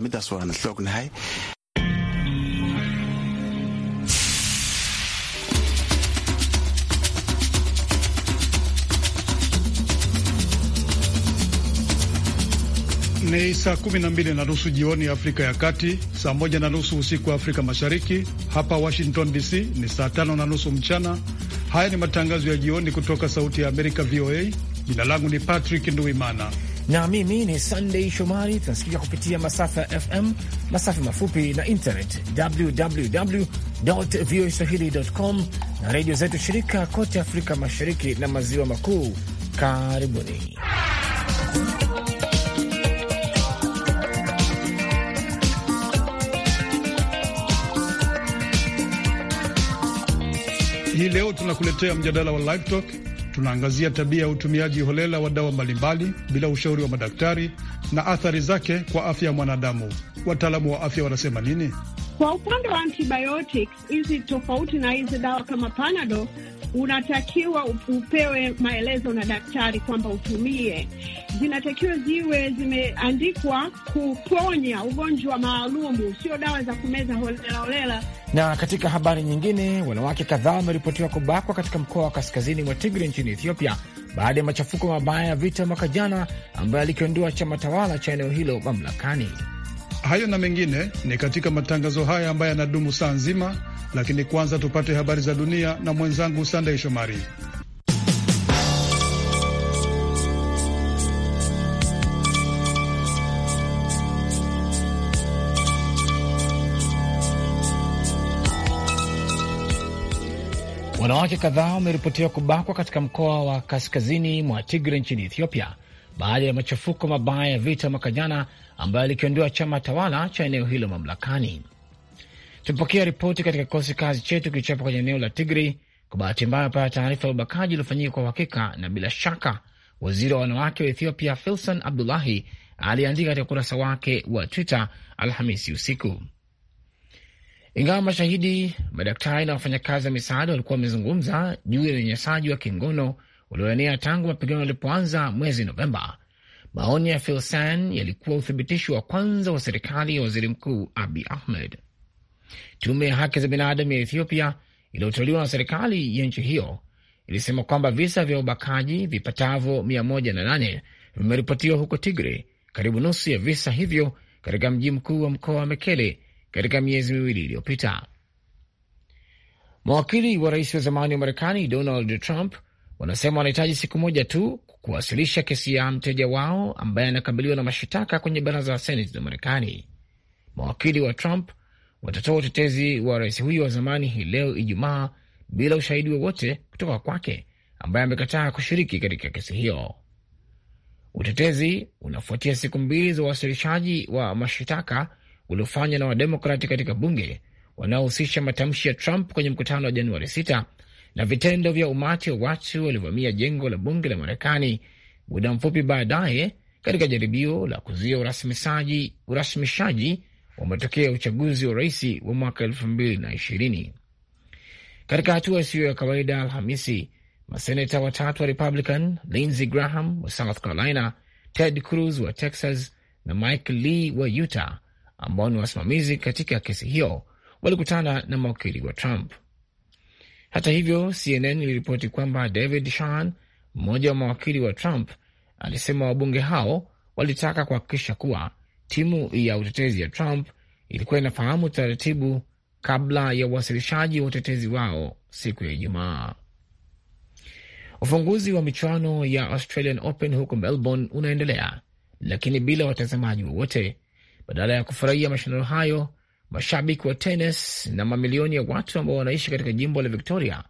midaas waana ognahay Ni saa kumi na mbili na nusu jioni Afrika ya Kati, saa moja na nusu usiku wa Afrika Mashariki. Hapa Washington DC ni saa tano na nusu mchana. Haya ni matangazo ya jioni kutoka Sauti ya Amerika, VOA. Jina langu ni Patrick Nduimana na mimi ni Sunday Shomari. Tunasikika kupitia masafa ya FM, masafa mafupi na internet www voa swahili com na redio zetu shirika kote Afrika Mashariki na Maziwa Makuu. Karibuni. Hii leo tunakuletea mjadala wa Live Talk Tunaangazia tabia ya utumiaji holela wa dawa mbalimbali bila ushauri wa madaktari na athari zake kwa afya ya mwanadamu. Wataalamu wa afya wanasema nini? Kwa upande wa antibiotics, hizi tofauti na hizi dawa kama panado unatakiwa upewe maelezo na daktari kwamba utumie. Zinatakiwa ziwe zimeandikwa kuponya ugonjwa maalumu, sio dawa za kumeza holela holela. Na katika habari nyingine, wanawake kadhaa wameripotiwa kubakwa katika mkoa wa kaskazini mwa tigre nchini Ethiopia baada ya machafuko mabaya ya vita mwaka jana ambayo alikiondoa chama tawala cha eneo hilo mamlakani. Hayo na mengine ni katika matangazo haya ambayo yanadumu saa nzima, lakini kwanza tupate habari za dunia na mwenzangu Sandei Shomari. Wanawake kadhaa wameripotiwa kubakwa katika mkoa wa kaskazini mwa Tigre nchini Ethiopia baada ya machafuko mabaya ya vita mwaka jana ambaye alikiondoa chama tawala cha eneo hilo mamlakani. Tumepokea ripoti katika kikosi kazi chetu kilichopo kwenye eneo la Tigri. Kwa bahati mbaya, pata taarifa ya ubakaji uliofanyika kwa uhakika, na bila shaka waziri wa wanawake wa Ethiopia Filson Abdullahi aliandika katika ukurasa wake wa Twitter Alhamisi usiku. Ingawa mashahidi, madaktari na wafanyakazi wa misaada walikuwa wamezungumza juu ya unyanyasaji wa kingono ulioenea tangu mapigano yalipoanza mwezi Novemba, Maoni ya Filsan yalikuwa uthibitisho wa kwanza wa serikali ya waziri mkuu Abi Ahmed. Tume ya haki za binadamu ya Ethiopia iliyotoliwa na serikali ya nchi hiyo ilisema kwamba visa vya ubakaji vipatavyo 108 vimeripotiwa huko Tigre, karibu nusu ya visa hivyo katika mji mkuu wa mkoa wa Mekele katika miezi miwili iliyopita. Mawakili wa rais wa zamani wa Marekani Donald Trump wanasema wanahitaji siku moja tu kuwasilisha kesi ya mteja wao ambaye anakabiliwa na mashitaka kwenye baraza la seneti za Marekani. Mawakili wa Trump watatoa utetezi wa rais huyo wa zamani hii leo Ijumaa, bila ushahidi wowote kutoka kwake ambaye amekataa kushiriki katika kesi hiyo. Utetezi unafuatia siku mbili za uwasilishaji wa mashitaka uliofanywa na Wademokrati katika bunge wanaohusisha matamshi ya Trump kwenye mkutano wa Januari 6 na vitendo vya umati wa watu waliovamia jengo la bunge la Marekani muda mfupi baadaye katika jaribio la kuzuia urasimishaji wa matokeo ya uchaguzi wa rais wa mwaka elfu mbili na ishirini. Katika hatua isiyo ya kawaida Alhamisi, maseneta watatu wa Republican, Lindsey Graham wa South Carolina, Ted Cruz wa Texas na Mike Lee wa Utah, ambao ni wasimamizi katika kesi hiyo, walikutana na mawakili wa Trump. Hata hivyo, CNN iliripoti kwamba David Shan, mmoja wa mawakili wa Trump, alisema wabunge hao walitaka kuhakikisha kuwa timu ya utetezi ya Trump ilikuwa inafahamu taratibu kabla ya uwasilishaji wa utetezi wao siku ya Ijumaa. Ufunguzi wa michuano ya Australian Open huko Melbourne unaendelea lakini bila watazamaji wowote. Badala ya kufurahia mashindano hayo, mashabiki wa tenis na mamilioni ya watu ambao wanaishi katika jimbo la Victoria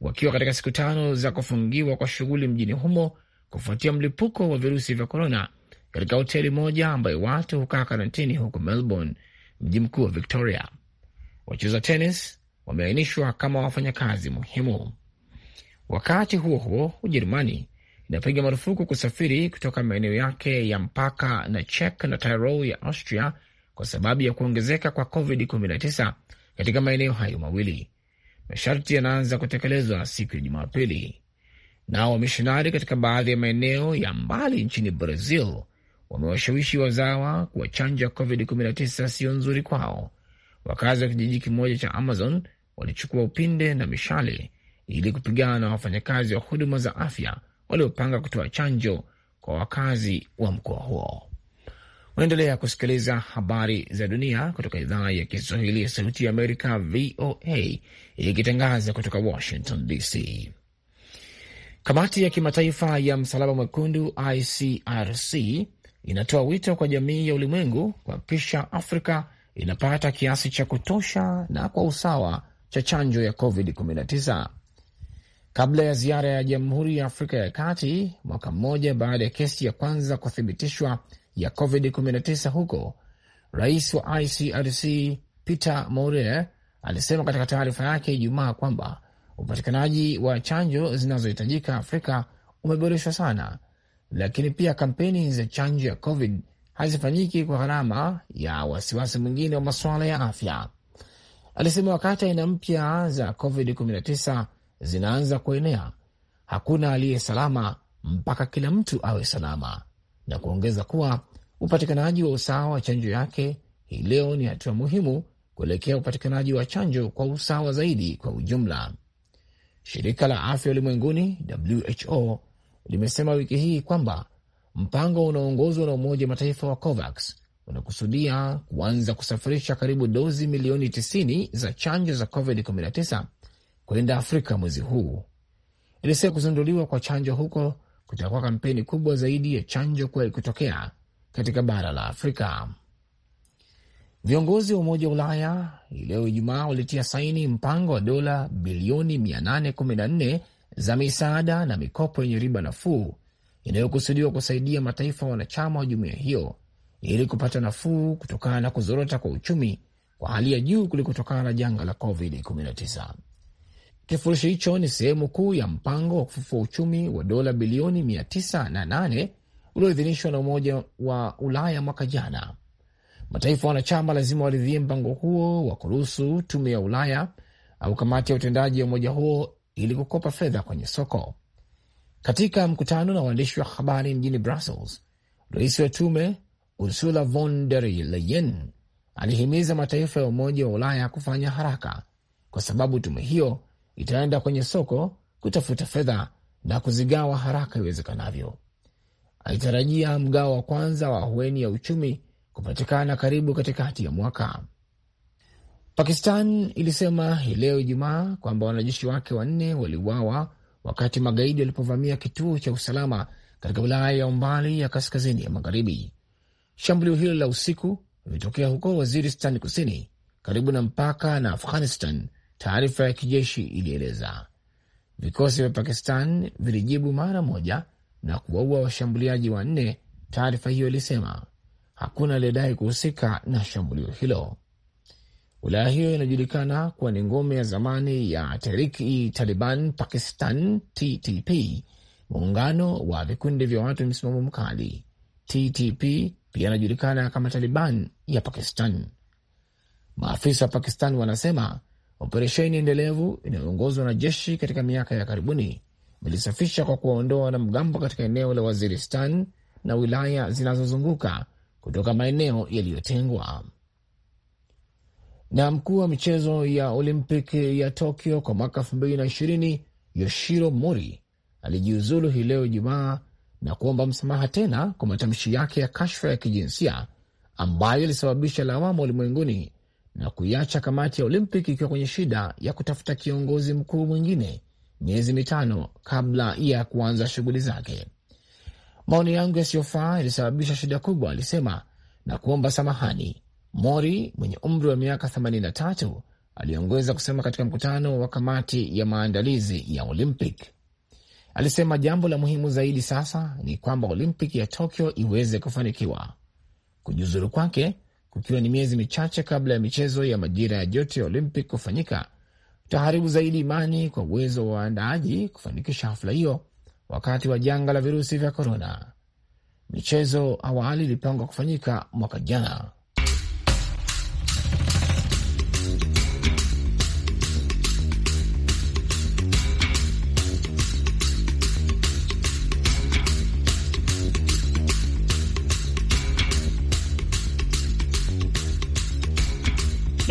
wakiwa katika siku tano za kufungiwa kwa shughuli mjini humo kufuatia mlipuko wa virusi vya korona katika hoteli moja ambayo watu hukaa karantini huko Melbourne, mji mkuu wa Victoria. Wacheza tenis wameainishwa kama wafanyakazi muhimu. Wakati huo huo, Ujerumani inapiga marufuku kusafiri kutoka maeneo yake ya mpaka na Czech na Tyrol ya Austria kwa sababu ya kuongezeka kwa COVID-19 katika maeneo hayo mawili. Masharti yanaanza kutekelezwa siku ya Jumapili. Nao wamishonari katika baadhi ya maeneo ya mbali nchini Brazil wamewashawishi wazawa kuwachanja COVID-19 siyo nzuri kwao. Wakazi wa kijiji kimoja cha Amazon walichukua upinde na mishale ili kupigana na wafanyakazi wa huduma za afya waliopanga kutoa chanjo kwa wakazi wa mkoa huo. Unaendelea kusikiliza habari za dunia kutoka idhaa ya Kiswahili ya Sauti ya Amerika, VOA, ikitangaza kutoka Washington DC. Kamati ya Kimataifa ya Msalaba Mwekundu, ICRC, inatoa wito kwa jamii ya ulimwengu kuhakikisha Afrika inapata kiasi cha kutosha na kwa usawa cha chanjo ya COVID-19 kabla ya ziara ya Jamhuri ya Afrika ya Kati, mwaka mmoja baada ya kesi ya kwanza kuthibitishwa kwa ya COVID-19 huko, rais wa ICRC Peter Maurer alisema katika taarifa yake Ijumaa kwamba upatikanaji wa chanjo zinazohitajika Afrika umeboreshwa sana, lakini pia kampeni za chanjo ya COVID hazifanyiki kwa gharama ya wasiwasi mwingine wa masuala ya afya. Alisema wakati aina mpya za COVID-19 zinaanza kuenea, hakuna aliye salama mpaka kila mtu awe salama na kuongeza kuwa upatikanaji wa usawa wa chanjo yake hii leo ni hatua muhimu kuelekea upatikanaji wa chanjo kwa usawa zaidi kwa ujumla. Shirika la afya ulimwenguni WHO limesema wiki hii kwamba mpango unaoongozwa na Umoja Mataifa wa COVAX unakusudia kuanza kusafirisha karibu dozi milioni 90 za chanjo za COVID-19 kwenda Afrika mwezi huu. Ilisema kuzinduliwa kwa chanjo huko kutakuwa kampeni kubwa zaidi ya chanjo kuwahi kutokea katika bara la Afrika. Viongozi wa Umoja wa Ulaya hii leo Ijumaa walitia saini mpango wa dola bilioni 814 za misaada na mikopo yenye riba nafuu inayokusudiwa kusaidia mataifa wanachama wa jumuiya hiyo ili kupata nafuu kutokana na kuzorota kwa uchumi kwa hali ya juu kulikotokana na janga la COVID-19. Kifurushi hicho ni sehemu kuu ya mpango wa kufufua uchumi wa dola bilioni 908 ulioidhinishwa na Umoja wa Ulaya mwaka jana. Mataifa wanachama lazima waridhie mpango huo wa kuruhusu Tume ya Ulaya au kamati ya utendaji ya umoja huo ili kukopa fedha kwenye soko. Katika mkutano na waandishi wa habari mjini Brussels, rais wa tume Ursula von der Leyen alihimiza mataifa ya Umoja wa Ulaya kufanya haraka kwa sababu tume hiyo itaenda kwenye soko kutafuta fedha na kuzigawa haraka iwezekanavyo. Alitarajia mgao wa kwanza wa ahueni ya uchumi kupatikana karibu katikati ya mwaka. Pakistan ilisema hii leo Ijumaa kwamba wanajeshi wake wanne waliuawa wakati magaidi walipovamia kituo cha usalama katika wilaya ya umbali ya kaskazini ya magharibi. Shambulio hilo la usiku limetokea huko Waziristan kusini karibu na mpaka na Afghanistan taarifa ya kijeshi ilieleza. Vikosi vya Pakistan vilijibu mara moja na kuwaua washambuliaji wanne, taarifa hiyo ilisema. Hakuna aliyedai kuhusika na shambulio hilo. Wilaya hiyo inajulikana kuwa ni ngome ya zamani ya tehrik taliban Pakistan TTP, muungano wa vikundi vya watu msimamo mkali. TTP pia inajulikana kama Taliban ya Pakistan. Maafisa wa Pakistan wanasema Operesheni endelevu inayoongozwa na jeshi katika miaka ya karibuni ilisafisha kwa kuwaondoa wanamgambo katika eneo la Waziristan na wilaya zinazozunguka kutoka maeneo yaliyotengwa. Na mkuu wa michezo ya Olimpiki ya Tokyo kwa mwaka elfu mbili na ishirini Yoshiro Mori alijiuzulu hii leo Ijumaa na kuomba msamaha tena kwa matamshi yake ya kashfa ya kijinsia ambayo ilisababisha lawama ulimwenguni na kuiacha kamati ya Olympic ikiwa kwenye shida ya kutafuta kiongozi mkuu mwingine miezi mitano kabla ya kuanza shughuli zake. Maoni yangu yasiyofaa yalisababisha shida kubwa, alisema na kuomba samahani. Mori mwenye umri wa miaka 83 aliongeza kusema katika mkutano wa kamati ya maandalizi ya Olympic. Alisema jambo la muhimu zaidi sasa ni kwamba Olympic ya Tokyo iweze kufanikiwa. kujuzuru kwake kukiwa ni miezi michache kabla ya michezo ya majira ya joto ya Olympic kufanyika utaharibu zaidi imani kwa uwezo wa waandaaji kufanikisha hafla hiyo wakati wa janga la virusi vya korona. Michezo awali ilipangwa kufanyika mwaka jana.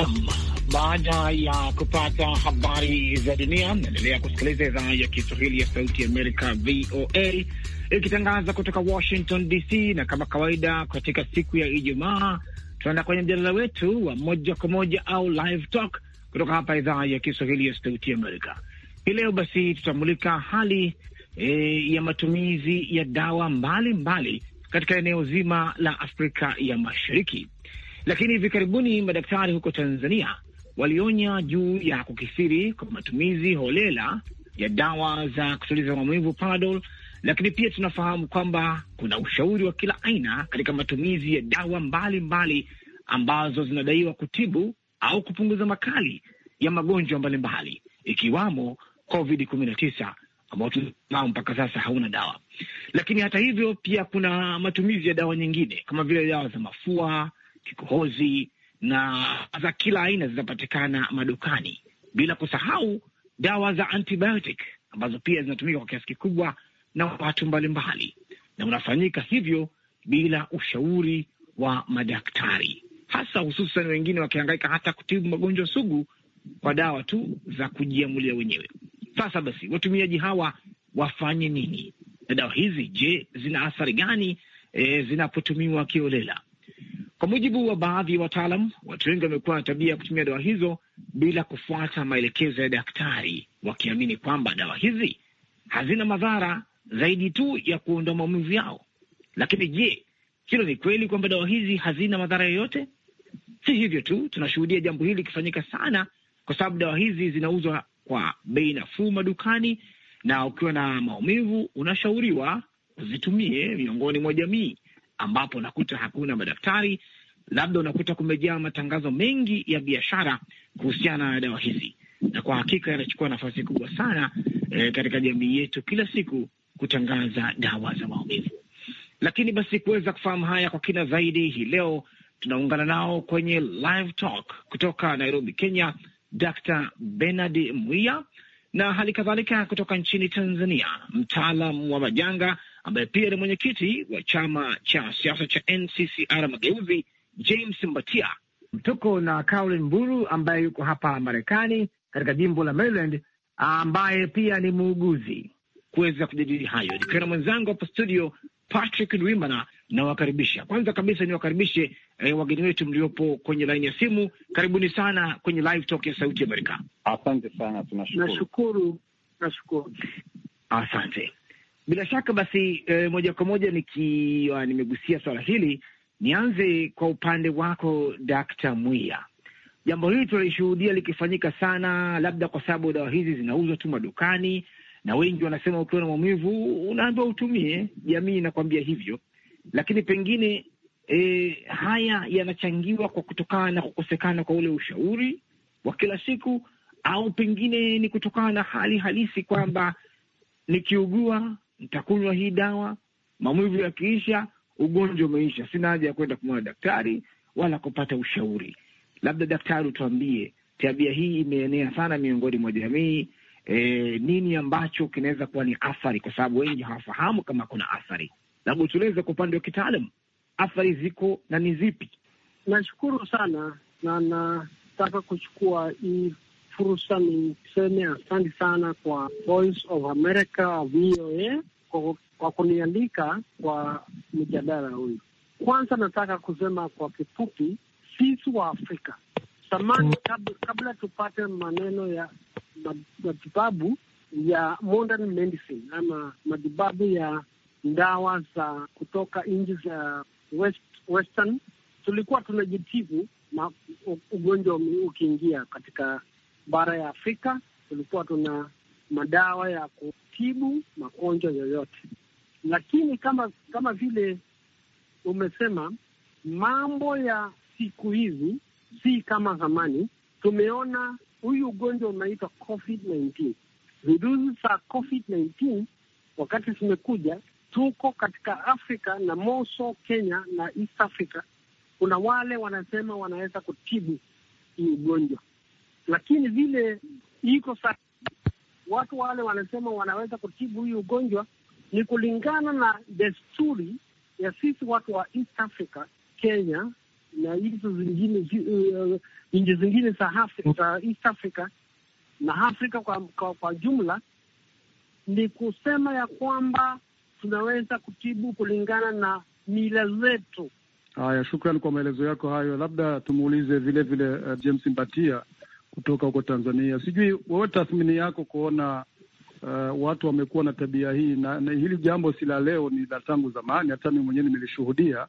Nam, baada ya kupata habari za dunia, naendelea kusikiliza idhaa ya Kiswahili ya Sauti Amerika, VOA, ikitangaza kutoka Washington DC. Na kama kawaida, katika siku ya Ijumaa tunaenda kwenye mjadala wetu wa moja kwa moja au live talk kutoka hapa idhaa ya Kiswahili ya Sauti Amerika. Hii leo basi tutamulika hali e, ya matumizi ya dawa mbalimbali mbali katika eneo zima la Afrika ya Mashariki. Lakini hivi karibuni madaktari huko Tanzania walionya juu ya kukithiri kwa matumizi holela ya dawa za kutuliza maumivu Panadol, lakini pia tunafahamu kwamba kuna ushauri wa kila aina katika matumizi ya dawa mbalimbali mbali ambazo zinadaiwa kutibu au kupunguza makali ya magonjwa mbalimbali ikiwamo COVID 19 ambao tunao mpaka sasa hauna dawa. Lakini hata hivyo, pia kuna matumizi ya dawa nyingine kama vile dawa za mafua, kikohozi na za kila aina zinapatikana madukani, bila kusahau dawa za antibiotic ambazo pia zinatumika kwa kiasi kikubwa na watu mbalimbali, na unafanyika hivyo bila ushauri wa madaktari, hasa hususan wengine wakihangaika hata kutibu magonjwa sugu kwa dawa tu za kujiamulia wenyewe. Sasa basi, watumiaji hawa wafanye nini? Na dawa hizi je, zina athari gani e, zinapotumiwa kiolela? Kwa mujibu wa baadhi ya wataalam, watu wengi wamekuwa na tabia ya kutumia dawa hizo bila kufuata maelekezo ya daktari, wakiamini kwamba dawa hizi hazina madhara zaidi tu ya kuondoa maumivu yao. Lakini je, hilo ni kweli kwamba dawa hizi hazina madhara yoyote? Si hivyo tu, tunashuhudia jambo hili ikifanyika sana, kwa sababu dawa hizi zinauzwa kwa bei nafuu madukani, na ukiwa na maumivu unashauriwa uzitumie miongoni mwa jamii ambapo unakuta hakuna madaktari, labda unakuta kumejaa matangazo mengi ya biashara kuhusiana na dawa hizi, na kwa hakika yanachukua nafasi kubwa sana e, katika jamii yetu kila siku kutangaza dawa za maumivu. Lakini basi kuweza kufahamu haya kwa kina zaidi, hii leo tunaungana nao kwenye live talk kutoka Nairobi, Kenya, Dr. Benard Mwiya na hali kadhalika kutoka nchini Tanzania, mtaalam wa majanga ambaye pia ni mwenyekiti wa chama cha siasa cha NCCR Mageuzi, James Mbatia. Tuko na Carolin Mburu ambaye yuko hapa Marekani katika jimbo la Maryland, ambaye pia ni muuguzi, kuweza kujadili hayo nikiwa na mwenzangu hapa studio Patrick Ndwimana. Nawakaribisha kwanza kabisa niwakaribishe eh, wageni wetu mliopo kwenye laini ya simu. Karibuni sana kwenye live talk ya Sauti Amerika. Asante sana, tunashukuru. Nashukuru, nashukuru, asante. Bila shaka basi, e, moja kwa moja nikiwa ah, nimegusia swala hili, nianze kwa upande wako Dkt. Mwiya. Jambo hili tunalishuhudia likifanyika sana, labda kwa sababu dawa hizi zinauzwa tu madukani, na wengi wanasema ukiwa na maumivu unaambiwa utumie, jamii inakwambia hivyo, lakini pengine e, haya yanachangiwa kwa kutokana na kukosekana kwa ule ushauri wa kila siku, au pengine ni kutokana na hali halisi kwamba nikiugua nitakunywa hii dawa, maumivu yakiisha, ugonjwa umeisha, sina haja ya kwenda kumwona daktari wala kupata ushauri. Labda daktari utuambie, tabia hii imeenea sana miongoni mwa jamii e, nini ambacho kinaweza kuwa ni athari, kwa sababu wengi hawafahamu kama kuna athari. Labda utueleze kwa upande wa kitaalam, athari ziko na ni zipi? Nashukuru sana na nataka kuchukua hii fursa ni seme asante sana kwa Voice of America VOA kwa, kwa kunialika kwa mjadala huyu. Kwanza nataka kusema kwa kifupi, sisi wa Afrika zamani, kabla, kabla tupate maneno ya matibabu ya modern medicine ama matibabu ya ndawa za kutoka nchi za west, western tulikuwa tunajitibu ugonjwa ukiingia katika bara ya Afrika tulikuwa tuna madawa ya kutibu magonjwa yoyote, lakini kama kama vile umesema, mambo ya siku hizi si kama zamani. Tumeona huyu ugonjwa unaitwa COVID-19. Virusi za COVID-19 wakati zimekuja, tuko katika Afrika na moso Kenya na East Africa, kuna wale wanasema wanaweza kutibu hii ugonjwa lakini vile iko sa watu wale wanasema wanaweza kutibu hii ugonjwa ni kulingana na desturi ya sisi watu wa East Africa, Kenya na hizo zingine uh, nchi zingine za Afrika, East Africa na Afrika kwa, kwa, kwa jumla ni kusema ya kwamba tunaweza kutibu kulingana na mila zetu. Haya, shukran kwa maelezo yako hayo. Labda tumuulize vilevile vile, uh, James Mbatia kutoka huko Tanzania. Sijui wewe tathmini yako kuona uh, watu wamekuwa na tabia hii na, na hili jambo si la leo, ni la tangu zamani. Hata mimi mwenyewe nilishuhudia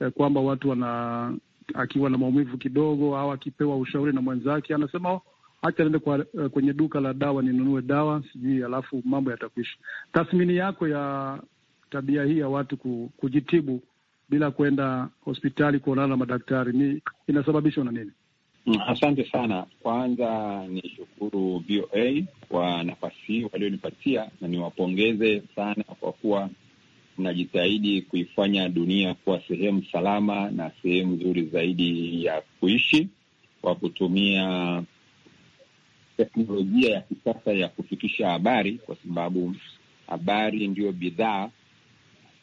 eh, kwamba watu wana akiwa na maumivu kidogo au akipewa ushauri na mwenzake anasema oh, acha niende uh, kwenye duka la dawa ninunue dawa sijui, alafu mambo yatakwisha. Tathmini yako ya tabia hii ya watu kujitibu bila kwenda hospitali kuonana na madaktari ni inasababishwa na nini? Mm, asante sana. Kwanza ni shukuru VOA kwa nafasi hii walionipatia, na niwapongeze sana kwa kuwa mnajitahidi kuifanya dunia kuwa sehemu salama na sehemu nzuri zaidi ya kuishi kwa kutumia teknolojia ya kisasa ya kufikisha habari, kwa sababu habari ndiyo bidhaa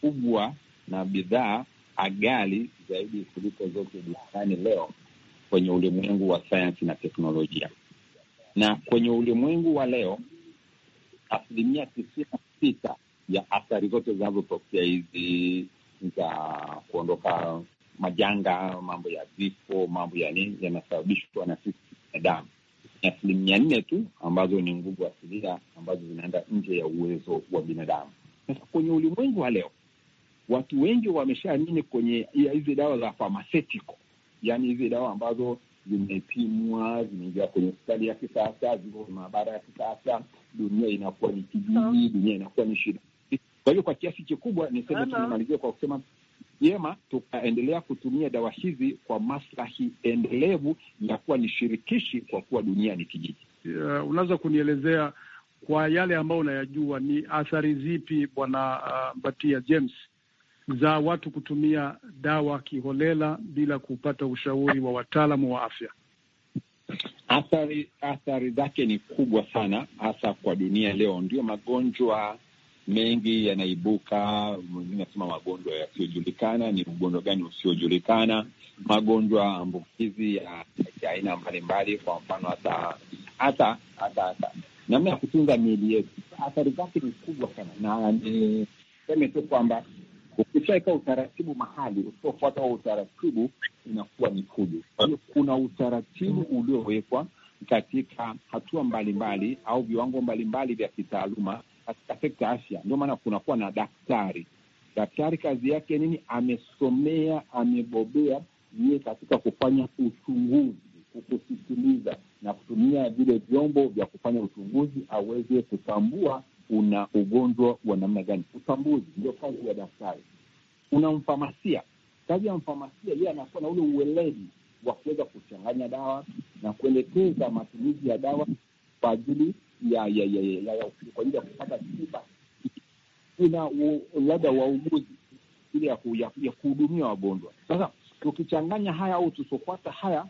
kubwa na bidhaa agali zaidi kuliko zote duniani leo kwenye ulimwengu wa sayansi na teknolojia. Na kwenye ulimwengu wa leo, asilimia tisini na sita ya athari zote zinazotokea hizi za kuondoka majanga, mambo ya vifo, mambo ya nini, yanasababishwa na sisi binadamu. Ni asilimia nne tu ambazo ni nguvu asilia ambazo zinaenda nje ya uwezo wa binadamu. Sasa kwenye ulimwengu wa leo, watu wengi wameshaamini kwenye hizi dawa za pharmaceutical yaani hizi dawa ambazo zimepimwa zimeingia kwenye hospitali ya kisasa, ziko kwenye maabara ya kisasa. Dunia inakuwa ni kijiji, dunia inakuwa ni shida. Kwa hiyo kwa kiasi kikubwa niseme, tumemalizia kwa kusema vyema, tukaendelea kutumia dawa hizi kwa maslahi endelevu ya kuwa ni shirikishi, kwa kuwa dunia ni kijiji. Uh, unaweza kunielezea kwa yale ambayo unayajua, ni athari zipi Bwana uh, Batia James za watu kutumia dawa kiholela bila kupata ushauri wa wataalamu wa afya. Athari athari zake ni kubwa sana, hasa kwa dunia leo. Ndio magonjwa mengi yanaibuka, mwingine anasema magonjwa yasiyojulikana. Ni ugonjwa gani usiojulikana? Magonjwa ambukizi ya aina mbalimbali, kwa mfano hata hata hata namna ya kutunza miili yetu, athari zake ni kubwa sana, na niseme tu kwamba Ukishaweka utaratibu mahali, usipofuata huo utaratibu inakuwa ni fujo. Kwa hiyo kuna utaratibu uliowekwa katika hatua mbalimbali mbali, au viwango mbalimbali vya kitaaluma katika sekta ya afya. Ndio maana kunakuwa na daktari. Daktari kazi yake nini? Amesomea, amebobea niye katika kufanya uchunguzi, kukusitimiza na kutumia vile vyombo vya kufanya uchunguzi aweze kutambua una ugonjwa wa namna gani. Utambuzi ndio kazi ya daktari. Una mfamasia, kazi ya mfamasia, yeye anakuwa na ule uweledi wa kuweza kuchanganya dawa na kuelekeza matumizi ya dawa kwa ajili ya ya ya kwa ajili ya kupata tiba. Kuna labda wauguzi ile ya kuhudumia wagonjwa. Sasa tukichanganya haya au tusifuata haya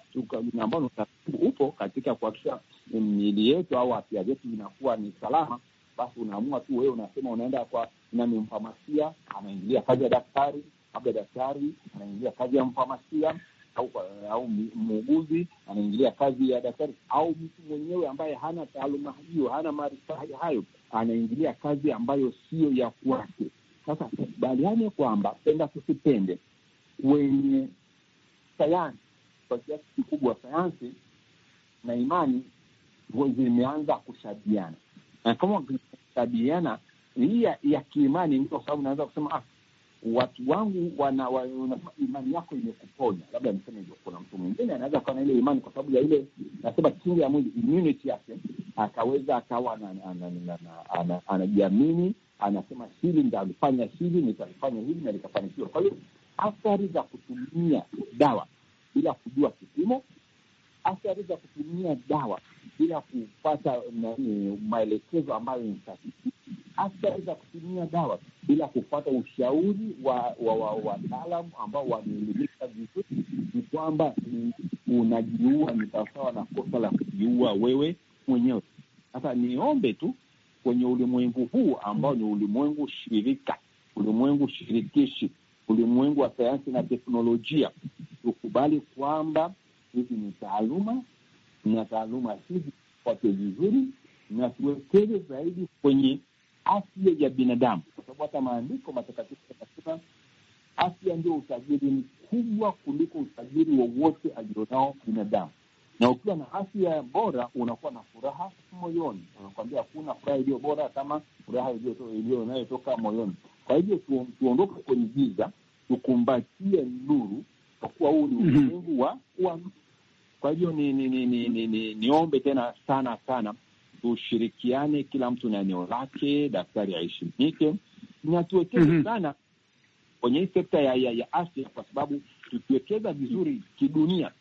ambao utaratibu upo katika kuhakikisha mm, miili yetu au afya zetu inakuwa ni salama, basi unaamua tu wewe, unasema unaenda kwa nani, mfamasia anaingilia kazi ya daktari, labda daktari anaingilia kazi ya mfamasia au, au muuguzi anaingilia kazi ya daktari, au mtu mwenyewe ambaye hana taaluma hiyo, hana maarifa hayo, anaingilia kazi ambayo siyo ya kwake. Sasa kubaliane kwamba penda tusipende, wenye sayansi kwa kiasi kikubwa sayansi na imani zimeanza kushabiana na eh? kama hii ya, ya kiimani ndio sababu naweza kusema ah, watu wangu wana, wana, wana imani yako imekuponya, labda niseme hivyo. Kuna mtu mwingine anaweza kuwa na ile imani kwa sababu ya ile nasema kinga ya mwili immunity yake, akaweza akawa anajiamini, anasema hili ndalifanya hili nitalifanya hili na likafanikiwa. Kwa hiyo athari za kutumia dawa bila kujua kipimo athari kutumia dawa bila kupata maelekezo ambayo ni sahihi, athari kutumia dawa bila kupata ushauri wa wataalamu wa, wa ambao wameelimika vizuri, ni kwamba unajiua ni sawasawa na kosa la kujiua wewe mwenyewe. Sasa niombe tu kwenye ulimwengu huu ambao ni ulimwengu shirika, ulimwengu shirikishi, ulimwengu wa sayansi na teknolojia, tukubali kwamba hizi ni taaluma na taaluma hizi pate vizuri na tuwekeze zaidi kwenye afya ya binadamu, kwa sababu hata maandiko matakatifu yanasema afya ndio utajiri mkubwa kuliko utajiri wowote alionao binadamu. Na ukiwa na afya bora, unakuwa na furaha moyoni. Unakwambia hakuna furaha iliyo bora kama furaha iliyo inayotoka moyoni. Kwa hivyo tuondoke kwenye giza, tukumbatie nuru, kwa kuwa huu ni mhm. ulimwengu wa kwa hivyo ni ni ni ni ni ni niombe tena sana sana tushirikiane, kila mtu na eneo lake, daktari aheshimike, na tuwekeze mm -hmm. sana kwenye hii sekta ya, ya, ya afya, kwa sababu tukiwekeza vizuri kidunia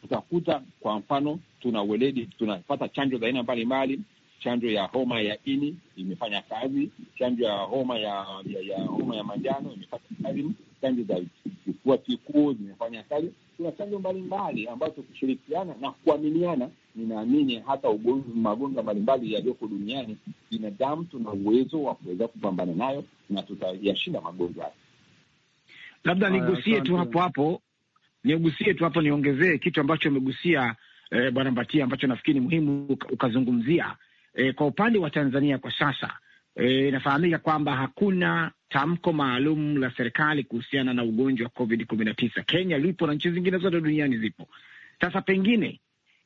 tutakuta kwa mfano, tuna weledi, tunapata chanjo za aina mbalimbali. Chanjo ya homa ya ini imefanya kazi, chanjo ya homa ya, ya, ya homa ya manjano imefanya kazi chanjo za kifua kikuu zimefanya kazi. Kuna chanjo mbalimbali ambazo tukishirikiana na kuaminiana, ninaamini hata ugonjwa, magonjwa mbalimbali yaliyoko duniani, binadamu tuna uwezo wa kuweza kupambana nayo na tutayashinda magonjwa hayo. Labda nigusie tu hapo hapo, nigusie tu hapo, niongezee kitu ambacho amegusia eh, Bwana Mbatia ambacho nafikiri muhimu ukazungumzia eh, kwa upande wa Tanzania kwa sasa E, inafahamika e, kwamba hakuna tamko maalum la serikali kuhusiana na ugonjwa wa covid kumi na tisa. Kenya lipo na nchi zingine zote duniani zipo. Sasa pengine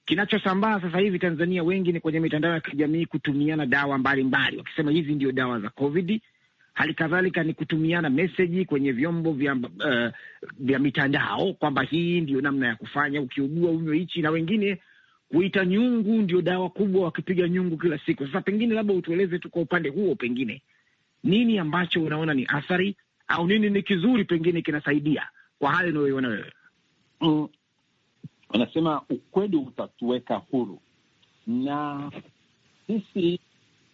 kinachosambaa sasa hivi Tanzania, wengi ni kwenye mitandao ya kijamii kutumiana dawa mbalimbali, wakisema hizi ndio dawa za covid. Hali kadhalika ni kutumiana meseji kwenye vyombo vya, uh, vya mitandao kwamba hii ndio namna ya kufanya, ukiugua unywe hichi, na wengine kuita nyungu ndio dawa kubwa, wakipiga nyungu kila siku. Sasa pengine labda utueleze tu kwa upande huo, pengine nini ambacho unaona ni athari au nini ni kizuri, pengine kinasaidia kwa hali unayoiona wewe? Mm, wanasema ukweli utatuweka huru, na sisi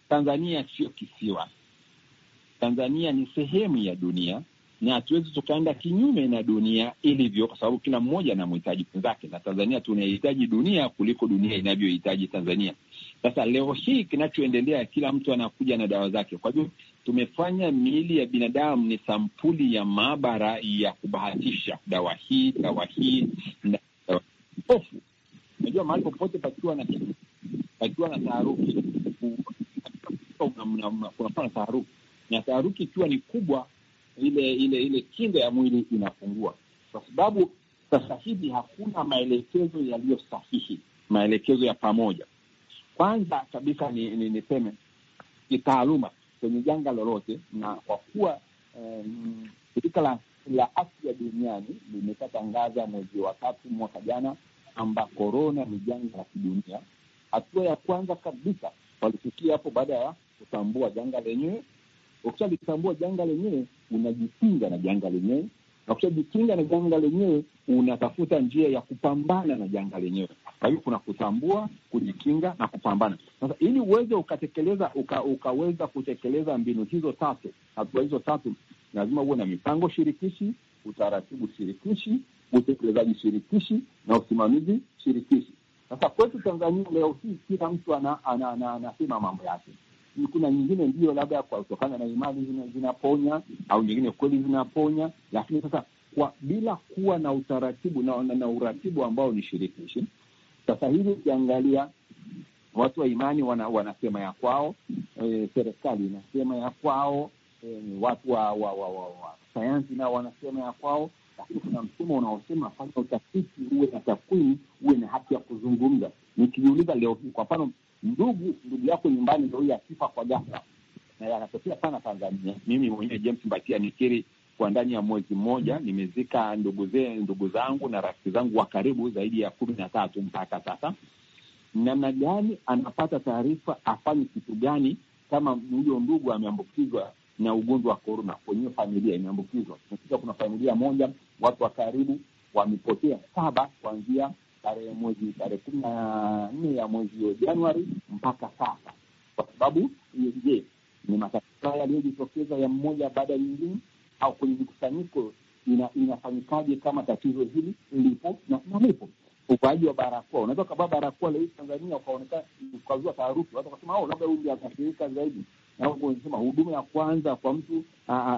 Tanzania sio kisiwa. Tanzania ni sehemu ya dunia na hatuwezi tukaenda kinyume na dunia ilivyo, kwa sababu kila mmoja anamhitaji mwenzake, na Tanzania tunahitaji dunia kuliko dunia inavyohitaji Tanzania. Sasa leo hii kinachoendelea, kila mtu anakuja na dawa zake. Kwa hivyo tumefanya miili ya binadamu ni sampuli ya maabara ya kubahatisha, dawa hii, dawa hii na dawa ofu. Unajua, mahali popote pakiwa na pakiwa na taharuki, kunakuwa na taharuki, na taharuki ikiwa ni kubwa ile ile ile kinga ya mwili inapungua, kwa sababu sasa hivi hakuna maelekezo yaliyo sahihi, maelekezo ya pamoja. Kwanza kabisa ni, ni, niseme kitaaluma kwenye janga lolote, na kwa kuwa shirika um, la, la afya duniani limeshatangaza mwezi wa tatu mwaka jana kwamba korona ni janga la kidunia. Hatua ya kwanza kabisa walifikia hapo baada ya kutambua janga lenyewe Ukishajitambua janga lenyewe, unajikinga na janga lenyewe, na ukishajikinga na janga lenyewe, unatafuta njia ya kupambana na janga lenyewe. Kwa hiyo kuna kutambua, kujikinga na kupambana. Sasa ili uweze ukatekeleza uka, ukaweza kutekeleza mbinu hizo tatu, hatua hizo tatu, lazima uwe na mipango shirikishi, utaratibu shirikishi, utekelezaji shirikishi na usimamizi shirikishi. Sasa kwetu Tanzania leo hii kila mtu anasema ana, ana, ana, ana, mambo yake kuna nyingine ndio labda kwa kutokana na imani zina, zinaponya au nyingine kweli zinaponya, lakini sasa kwa bila kuwa na utaratibu na, na, na uratibu ambao ni shirikishi. Sasa hivi ukiangalia watu wa imani wana, wanasema ya kwao e, serikali inasema ya kwao e, watu wa, wa, wa, wa, wa sayansi nao wanasema ya kwao, lakini kuna msemo unaosema fanya utafiti, uwe na takwimu, uwe na haki ya kuzungumza. Nikijiuliza leo hii kwa mfano ndugu ndugu yako nyumbani ndio huyo akifa kwa ghafla, na yanatokea sana Tanzania. Mimi mwenyewe James Mbatia nikiri kwa ndani ya mwezi mmoja nimezika ndugu ze ndugu zangu na rafiki zangu wa karibu zaidi ya kumi na tatu mpaka sasa. Namna gani anapata taarifa, afanye kitu gani kama huyo ndugu ameambukizwa na ugonjwa wa korona, kwenyewe familia imeambukizwa? Kuna familia moja watu wa karibu wamepotea saba kuanzia tarehe mwezi tarehe kumi na nne ya mwezi wa Januari mpaka sasa, kwa sababu je, ni matatizo haya yaliyojitokeza ya mmoja baada ya nyingine, au kwenye mikusanyiko ina, inafanyikaje kama tatizo hili lipo na lipo uvaji wa barakoa. Unaweza ukavaa barakoa leo Tanzania ukaonekana ukazua taharuki, watu wakasema oh, labda huyu ndiye ameathirika zaidi, na wanasema huduma ya kwanza kwa mtu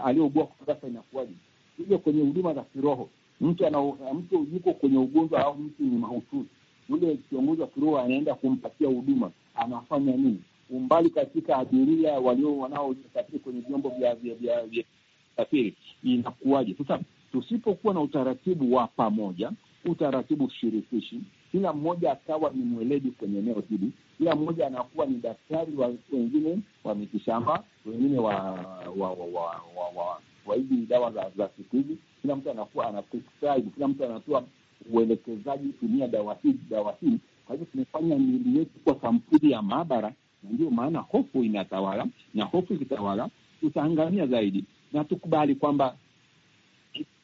aliyeugua kwa sasa inakuwaje? Hivyo kwenye huduma za kiroho mtu ana mtu yuko kwenye ugonjwa au mtu ni mahututi, yule kiongozi wa kiroho anaenda kumpatia huduma, anafanya nini? Umbali katika abiria walio wanaosafiri kwenye vyombo vya vya safiri inakuwaje? Sasa tusipokuwa na utaratibu wa pamoja, utaratibu shirikishi, kila mmoja akawa ni mweledi kwenye eneo hili, kila mmoja anakuwa ni daktari wa wengine wa mitishamba, wengine wa wa wa wa hizi dawa za siku hizi kila mtu anakuwa ana prescribe, kila mtu anatoa uelekezaji, tumia dawa hii, dawa hii. Kwa hivyo tumefanya miili yetu kwa sampuli ya maabara, na ndio maana hofu inatawala, na hofu ikitawala tutaangamia zaidi, na tukubali kwamba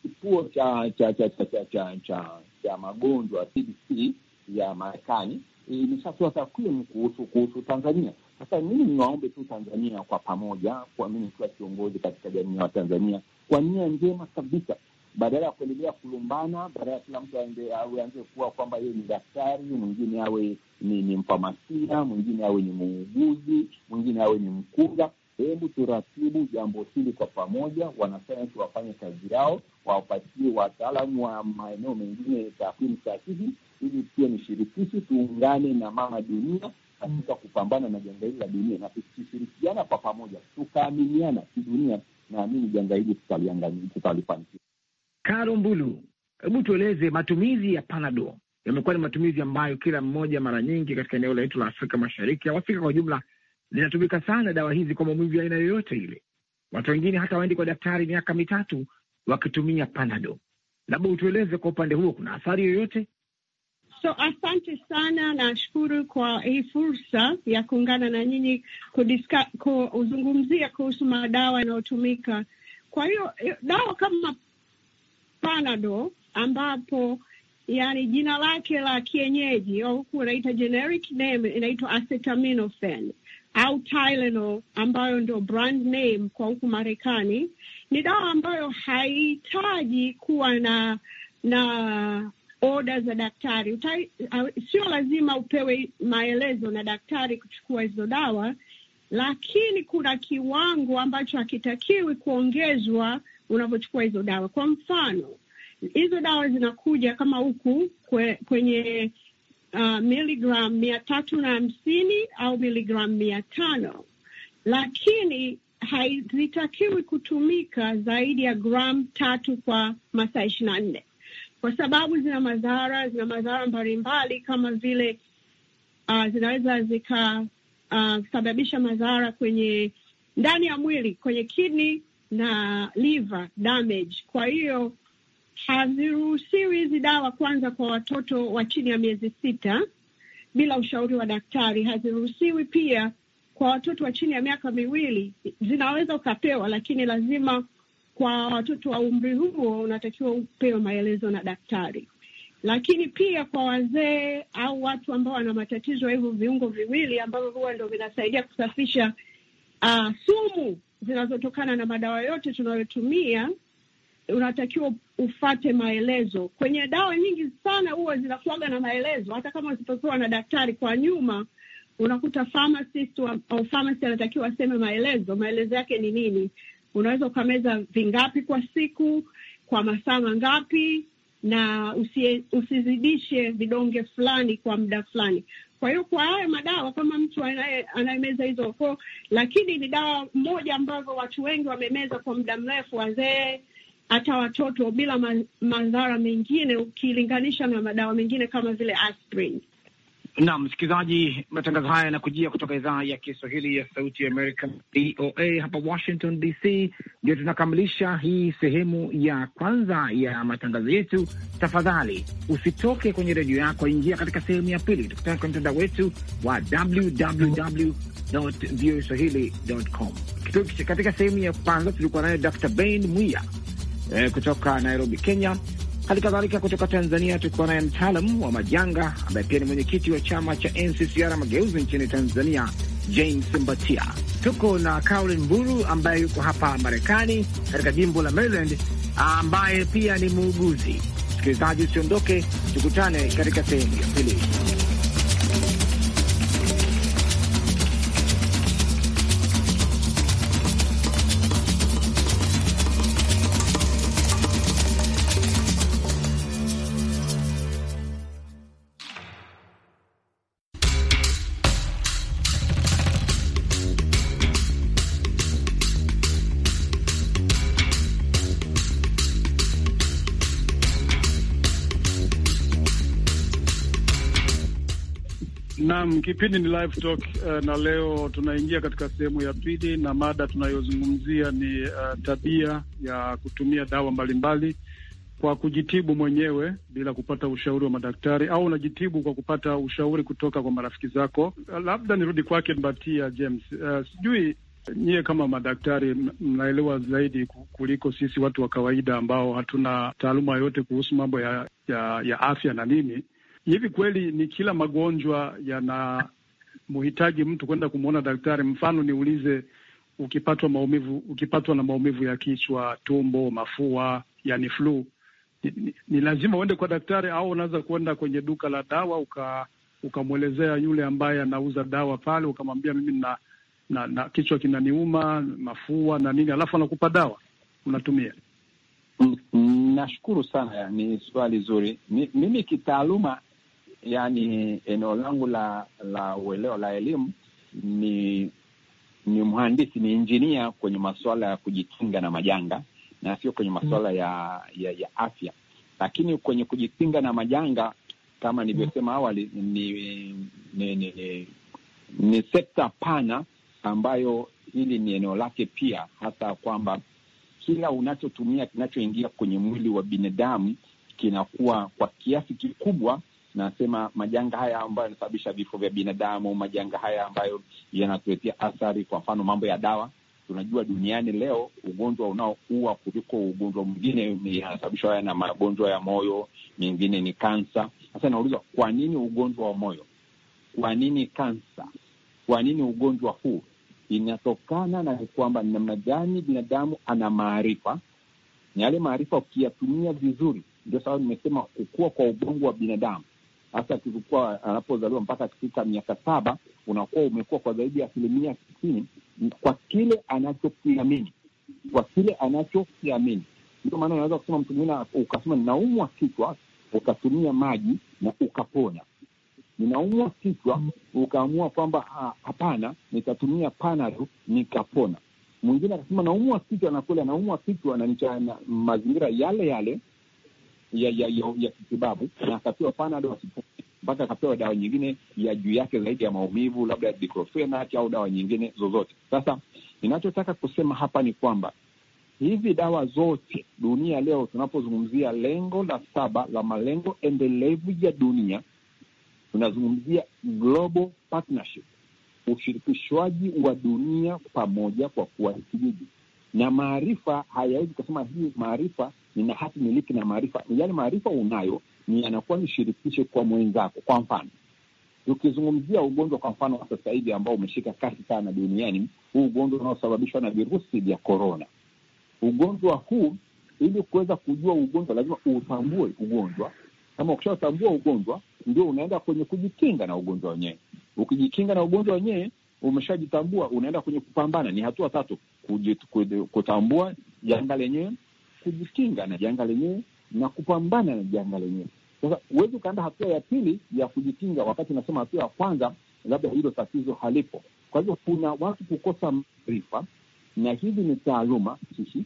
kituo cha cha cha cha cha cha cha cha magonjwa CDC ya Marekani imeshatoa takwimu kuhusu kuhusu Tanzania. Sasa mimi niwaombe tu Tanzania kwa pamoja, kwa mimi nikiwa kiongozi katika jamii ya Watanzania kwa nia njema kabisa, badala ya kuendelea kulumbana, badala ya kila mtu aanze kuwa kwamba yeye ni daktari, mwingine awe ni, ni mfamasia, mwingine awe ni muuguzi, mwingine awe ni mkunga. Hebu turatibu jambo hili kwa pamoja, wanasayansi wafanye kazi yao, wawapatie wataalamu wa maeneo mengine takwimu sahihi, ili tuwe ni shirikishi, tuungane na mama dunia katika kupambana na janga hili la dunia, na tukishirikiana kwa pamoja, tukaaminiana kidunia naamini janga hili tutalifanikisha. Karo Mbulu, hebu tueleze matumizi ya Panado yamekuwa ni matumizi ambayo kila mmoja mara nyingi katika eneo letu la Afrika Mashariki au Afrika kwa ujumla linatumika sana dawa hizi kwa maumivu ya aina yoyote ile. Watu wengine hata waendi kwa daktari miaka mitatu wakitumia Panado. Labda utueleze kwa upande huo, kuna athari yoyote So asante sana, nashukuru kwa hii fursa ya kuungana na nyinyi kuzungumzia kuhusu madawa yanayotumika. Kwa hiyo dawa kama Panado ambapo yani jina lake la kienyeji au huku unaita generic name inaitwa acetaminophen au Tylenol ambayo ndio brand name kwa huku Marekani, ni dawa ambayo haihitaji kuwa na na oda za daktari sio lazima upewe maelezo na daktari kuchukua hizo dawa, lakini kuna kiwango ambacho hakitakiwi kuongezwa unavyochukua hizo dawa. Kwa mfano, hizo dawa zinakuja kama huku kwe, kwenye uh, miligram mia tatu na hamsini au miligram mia tano lakini hazitakiwi kutumika zaidi ya gramu tatu kwa masaa ishirini na nne kwa sababu zina madhara, zina madhara mbalimbali kama vile uh, zinaweza zikasababisha ah, uh, madhara kwenye ndani ya mwili kwenye kidney na liver damage. Kwa hiyo haziruhusiwi hizi dawa, kwanza kwa watoto wa chini ya miezi sita bila ushauri wa daktari. Haziruhusiwi pia kwa watoto wa chini ya miaka miwili, zinaweza ukapewa, lakini lazima kwa watoto wa umri huo unatakiwa upewe maelezo na daktari, lakini pia kwa wazee au watu ambao wana matatizo ya hivyo viungo viwili ambavyo huwa ndo vinasaidia kusafisha uh, sumu zinazotokana na madawa yote tunayotumia, unatakiwa ufate maelezo. Kwenye dawa nyingi sana huwa zinakuaga na maelezo, hata kama usipopewa na daktari kwa nyuma unakuta pharmacist au pharmacy anatakiwa aseme maelezo, maelezo yake ni nini, Unaweza ukameza vingapi kwa siku, kwa masaa mangapi, na usie, usizidishe vidonge fulani kwa muda fulani. Kwa hiyo kwa haya madawa kama mtu anayemeza hizo koo, lakini ni dawa moja ambazo watu wengi wamemeza kwa muda mrefu, wazee hata watoto, bila madhara mengine ukilinganisha na madawa mengine kama vile aspirin. Naam, msikilizaji, matangazo haya yanakujia kutoka idhaa ya Kiswahili ya Sauti ya Amerika, VOA hapa Washington DC. Ndio tunakamilisha hii sehemu ya kwanza ya matangazo yetu. Tafadhali usitoke kwenye redio yako, ingia katika sehemu ya pili. Tukutana kwenye mtandao wetu wa www voa swahilicom. Katika sehemu ya kwanza tulikuwa naye Dr Bain Mwia eh, kutoka Nairobi, Kenya Hali kadhalika kutoka Tanzania tulikuwa naye mtaalam wa majanga ambaye pia ni mwenyekiti wa chama cha NCCR Mageuzi nchini Tanzania, James Mbatia. Tuko na Carolin Mburu ambaye yuko hapa Marekani katika jimbo la Maryland, ambaye pia ni muuguzi. Msikilizaji, usiondoke, tukutane katika sehemu ya pili. Naam, kipindi ni live talk uh, na leo tunaingia katika sehemu ya pili, na mada tunayozungumzia ni uh, tabia ya kutumia dawa mbalimbali kwa kujitibu mwenyewe bila kupata ushauri wa madaktari, au unajitibu kwa kupata ushauri kutoka kwa marafiki zako. Eh, labda nirudi kwake Mbatia James. Uh, sijui nyie kama madaktari mnaelewa zaidi kuliko sisi watu wa kawaida ambao hatuna taaluma yoyote kuhusu mambo ya, ya, ya afya na nini hivi kweli ni kila magonjwa yanamhitaji mtu kwenda kumwona daktari? Mfano niulize, ukipatwa maumivu, ukipatwa na maumivu ya kichwa, tumbo, mafua, yani flu, ni, ni, ni lazima uende kwa daktari au unaweza kuenda kwenye duka la dawa uka ukamwelezea yule ambaye anauza dawa pale, ukamwambia mimi na, na, na kichwa kinaniuma, mafua na nini, alafu anakupa dawa unatumia. Nashukuru sana, ni swali zuri. Mimi kitaaluma yani eneo langu la la uelewa la elimu ni ni mhandisi ni injinia kwenye masuala ya kujikinga na majanga na sio kwenye masuala ya, ya ya afya, lakini kwenye kujikinga na majanga kama nilivyosema awali ni ni, ni, ni, ni sekta pana ambayo hili ni eneo lake pia, hasa kwamba kila unachotumia kinachoingia kwenye mwili wa binadamu kinakuwa kwa kiasi kikubwa Nasema majanga haya ambayo yanasababisha vifo vya binadamu, majanga haya ambayo yanatuletea athari, kwa mfano mambo ya dawa. Tunajua duniani leo ugonjwa unaoua kuliko ugonjwa mwingine yanasababishwa na magonjwa ya moyo, mengine ni kansa. Sasa inaulizwa kwa nini ugonjwa wa moyo, kwa nini kansa, kwa nini ugonjwa huu? Inatokana na kwamba ni namna gani binadamu ana maarifa, ni yale maarifa ukiyatumia vizuri, ndio sababu nimesema kukua kwa ubongo wa binadamu hasa akivukua ah, anapozaliwa mpaka akifika miaka saba, unakuwa umekuwa kwa zaidi ya asilimia sitini kwa kile anachokiamini, kwa kile anachokiamini. Ndio maana unaweza kusema mtu mwingine ukasema ninaumwa kichwa, ukatumia maji na ukapona. Ninaumwa kichwa, ukaamua kwamba ah, hapana, nitatumia Panadol nikapona. Mwingine akasema naumwa kichwa na kule anaumwa kichwa na mazingira yale yale ya ya, ya, ya kitibabu na akapewa panado mpaka akapewa dawa nyingine ya juu yake zaidi ya maumivu, labda diclofenac au dawa nyingine zozote. Sasa ninachotaka kusema hapa ni kwamba hizi dawa zote dunia leo, tunapozungumzia lengo la saba la malengo endelevu ya dunia, tunazungumzia global partnership, ushirikishwaji wa dunia pamoja kwa kuwa kijiji na maarifa. Hayawezi kusema hii maarifa nina hati miliki na maarifa. Yale maarifa unayo ni yanakuwa nishirikishe kwa mwenzako. Kwa mfano tukizungumzia ugonjwa kwa mfano wa sasa hivi ambao umeshika kasi sana duniani, huu ugonjwa unaosababishwa na virusi vya korona. Ugonjwa huu, ili kuweza kujua ugonjwa, lazima utambue ugonjwa. Kama ukishatambua ugonjwa, ndio unaenda kwenye kujikinga na ugonjwa wenyewe. Ukijikinga na ugonjwa wenyewe, umeshajitambua, unaenda kwenye kupambana. Ni hatua tatu: kujit, kutambua janga lenyewe, kujikinga na janga lenyewe na kupambana na janga lenyewe. Sasa huwezi ukaenda hatua ya pili ya kujikinga wakati unasema hatua ya kwanza labda hilo tatizo halipo. Kwa hivyo kuna watu kukosa maarifa, na hivi ni taaluma sisi.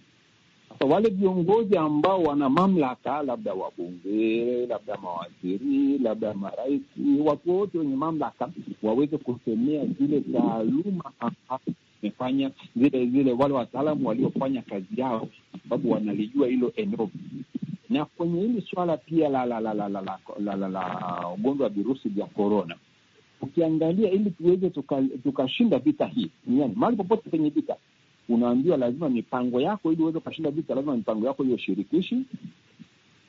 Sasa wale viongozi ambao wana mamlaka, labda wabunge, labda mawaziri, labda marais, watu wote wenye mamlaka waweze kusemea zile taaluma ambazo zimefanya zile zile wale wataalamu waliofanya kazi yao, kwa sababu wanalijua hilo eneo. Na kwenye hili swala pia la la la la la la la la la ugonjwa wa virusi vya korona, ukiangalia ili tuweze tukashinda tuka vita hii duniani, mahali popote kwenye vita unaambiwa lazima mipango yako ili uweze ukashinda vita, lazima mipango yako hiyo shirikishi,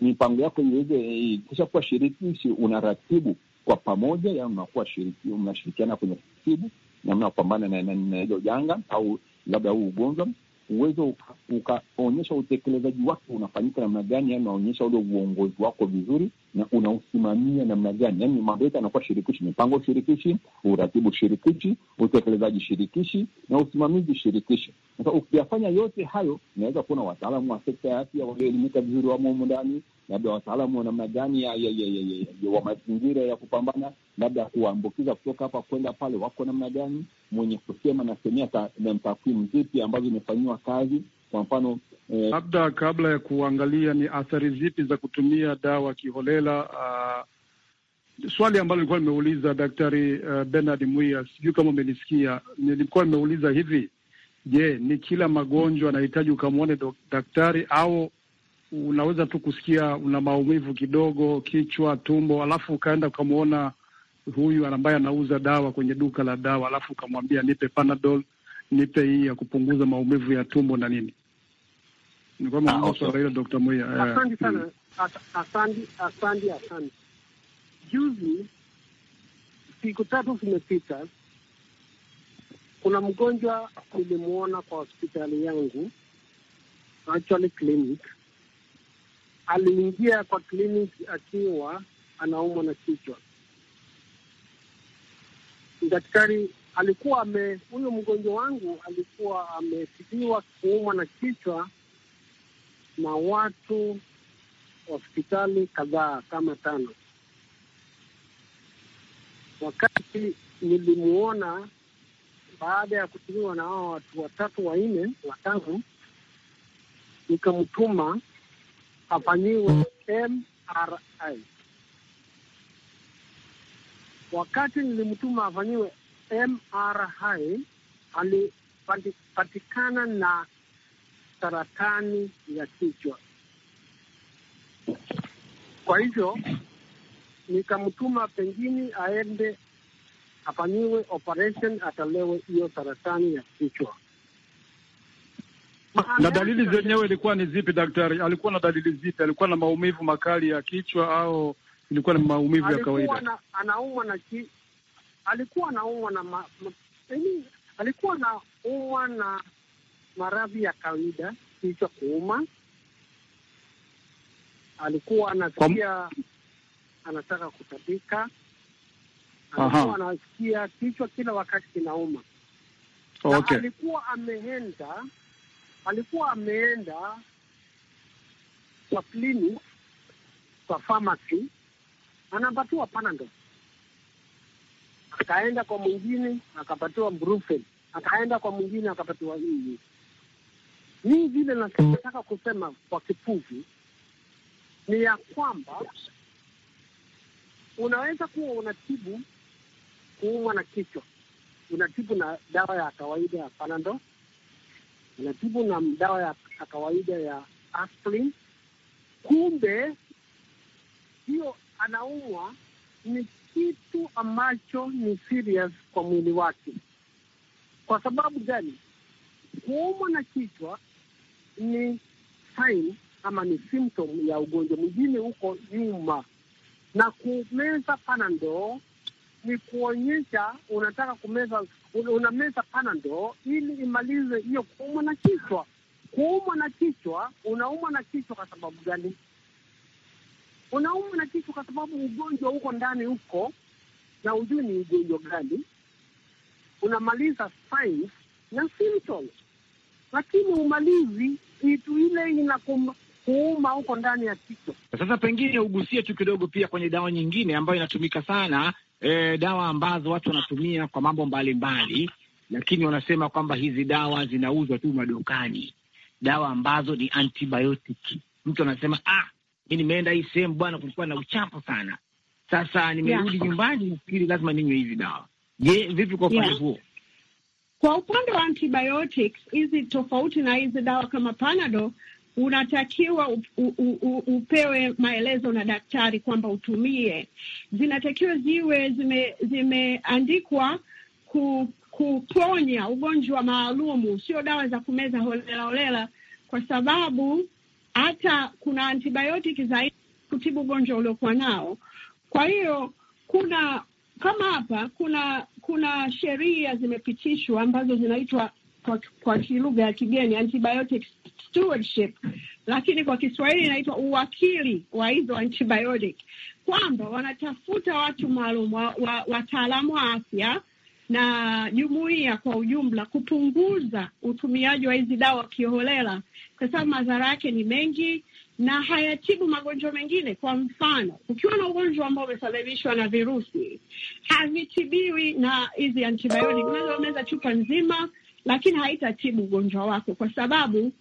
mipango yako iweze kisha kuwa shirikishi, unaratibu kwa pamoja, yaani unakuwa shiriki, unashirikiana kwenye ratibu namna ya kupambana na hilo janga au labda huu ugonjwa, uwezo ukaonyesha utekelezaji wake unafanyika namna gani, yani unaonyesha ule uongozi wako vizuri na unausimamia namna gani? Yani mambo yote yanakuwa shirikishi, mipango shirikishi, uratibu shirikishi, utekelezaji shirikishi na usimamizi shirikishi. Sasa ukiyafanya yote hayo, unaweza kuona wataalamu wa sekta ya afya walioelimika vizuri wamo humu ndani, labda wataalamu wa namna gani wa mazingira ya kupambana labda kuwaambukiza kutoka hapa kwenda pale, wako namna gani, mwenye kusema nasemea na takwimu zipi ambazo imefanyiwa kazi, kwa mfano Eh. Labda kabla ya kuangalia ni athari zipi za kutumia dawa kiholela, uh, swali ambalo nilikuwa nimeuliza Daktari uh, Bernard Mwia, sijui kama umelisikia. Nilikuwa nimeuliza hivi, je, ni kila magonjwa anahitaji ukamwone daktari au unaweza tu kusikia una maumivu kidogo, kichwa, tumbo, alafu ukaenda ukamwona huyu ambaye anauza dawa kwenye duka la dawa, alafu ukamwambia nipe Panadol, nipe hii ya kupunguza maumivu ya tumbo na nini. Ah, eh, asante sana, mm. asante asante, asante. Juzi siku tatu zimepita, kuna mgonjwa ulimwona kwa hospitali yangu, actually clinic. Aliingia kwa clinic akiwa anaumwa na kichwa. Daktari alikuwa ame, huyo mgonjwa wangu alikuwa ametibiwa kuumwa na kichwa na watu hospitali kadhaa kama tano. Wakati nilimuona baada ya kutumiwa na hao watu watatu wanne watano, nikamtuma afanyiwe MRI. Wakati nilimtuma afanyiwe MRI alipatikana na saratani ya kichwa. Kwa hivyo nikamtuma pengine aende afanyiwe operation atalewe hiyo saratani ya kichwa. Na dalili zenyewe ilikuwa ni zipi daktari? Alikuwa na dalili zipi? Alikuwa na maumivu makali ya kichwa au ilikuwa na maumivu ya kawaida? Na, anaumwa na ki, alikuwa anaumwa na ma, ma, alikuwa anaumwa na maradhi ya kawaida, kichwa kuuma, alikuwa anasikia anataka kutapika, alikuwa anasikia kichwa kila wakati kinauma. Okay. Na alikuwa ameenda alikuwa ameenda kwa clinic kwa pharmacy, anapatiwa panado, akaenda kwa mwingine akapatiwa brufen, akaenda kwa mwingine akapatiwa hii Mii vile nataka kusema kwa kifupi ni ya kwamba unaweza kuwa unatibu kuumwa na kichwa, unatibu na dawa ya kawaida ya panando unatibu na dawa ya kawaida ya aspirin, kumbe hiyo anaumwa ni kitu ambacho ni serious kwa mwili wake. Kwa sababu gani? Kuumwa na kichwa ni sign ama ni symptom ya ugonjwa mwingine huko nyuma, na kumeza panando ni kuonyesha unataka kumeza, unameza panando ili imalize hiyo kuumwa na kichwa. Kuumwa na kichwa, unaumwa na kichwa kwa sababu gani? Unaumwa na kichwa kwa sababu ugonjwa huko ndani huko, na ujui ni ugonjwa gani. Unamaliza signs na symptoms, lakini umalizi kitu ile inakuuma huko ndani ya kichwa. Sasa pengine ugusie tu kidogo pia kwenye dawa nyingine ambayo inatumika sana e, dawa ambazo watu wanatumia kwa mambo mbalimbali mbali, lakini wanasema kwamba hizi dawa zinauzwa tu madukani, dawa ambazo ni antibiotiki. Mtu anasema ah, mi nimeenda hii sehemu bwana, kulikuwa na uchapo sana, sasa nimerudi yeah, nyumbani, nafikiri lazima ninywe hizi dawa. Je, vipi kwa upande yeah, huo? Kwa upande wa antibiotics hizi, tofauti na hizi dawa kama Panado, unatakiwa u, u, u, upewe maelezo na daktari kwamba utumie. Zinatakiwa ziwe zimeandikwa zime ku, kuponya ugonjwa maalumu, sio dawa za kumeza holela holela, kwa sababu hata kuna antibiotiki zaidi kutibu ugonjwa uliokuwa nao. Kwa hiyo kuna kama hapa kuna kuna sheria zimepitishwa ambazo zinaitwa kwa, kwa kilugha ya kigeni antibiotic stewardship, lakini kwa Kiswahili inaitwa uwakili wa hizo antibiotic, kwamba wanatafuta watu maalum wataalamu wa, wa, wa afya na jumuiya kwa ujumla kupunguza utumiaji wa hizi dawa kiholela, kwa sababu madhara yake ni mengi na hayatibu magonjwa mengine. Kwa mfano, ukiwa na ugonjwa ambao umesababishwa na virusi, havitibiwi na hizi antibiotic. Unaweza meza chupa nzima, lakini haitatibu ugonjwa wako, kwa sababu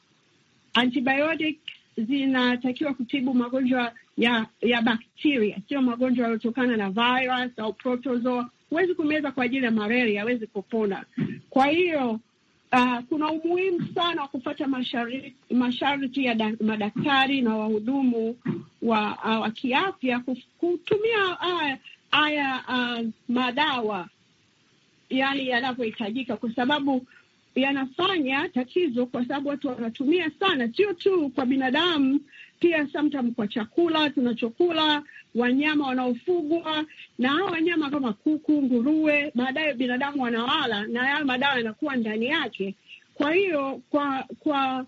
antibiotic zinatakiwa kutibu magonjwa ya ya bakteria, sio magonjwa yaliyotokana na virus au protozoa. Huwezi kumeza kwa ajili ya malaria, hawezi kupona. Kwa hiyo Uh, kuna umuhimu sana wa kufuata masharti ya madaktari na wahudumu wa, uh, wa kiafya kutumia ah, haya uh, uh, madawa yani yanavyohitajika, kwa sababu yanafanya tatizo, kwa sababu watu wanatumia sana, sio tu kwa binadamu, pia sometimes kwa chakula tunachokula wanyama wanaofugwa, na hao wanyama kama kuku, nguruwe, baadaye binadamu wanawala na hayo madawa yanakuwa ndani yake. Kwa hiyo kwa kwa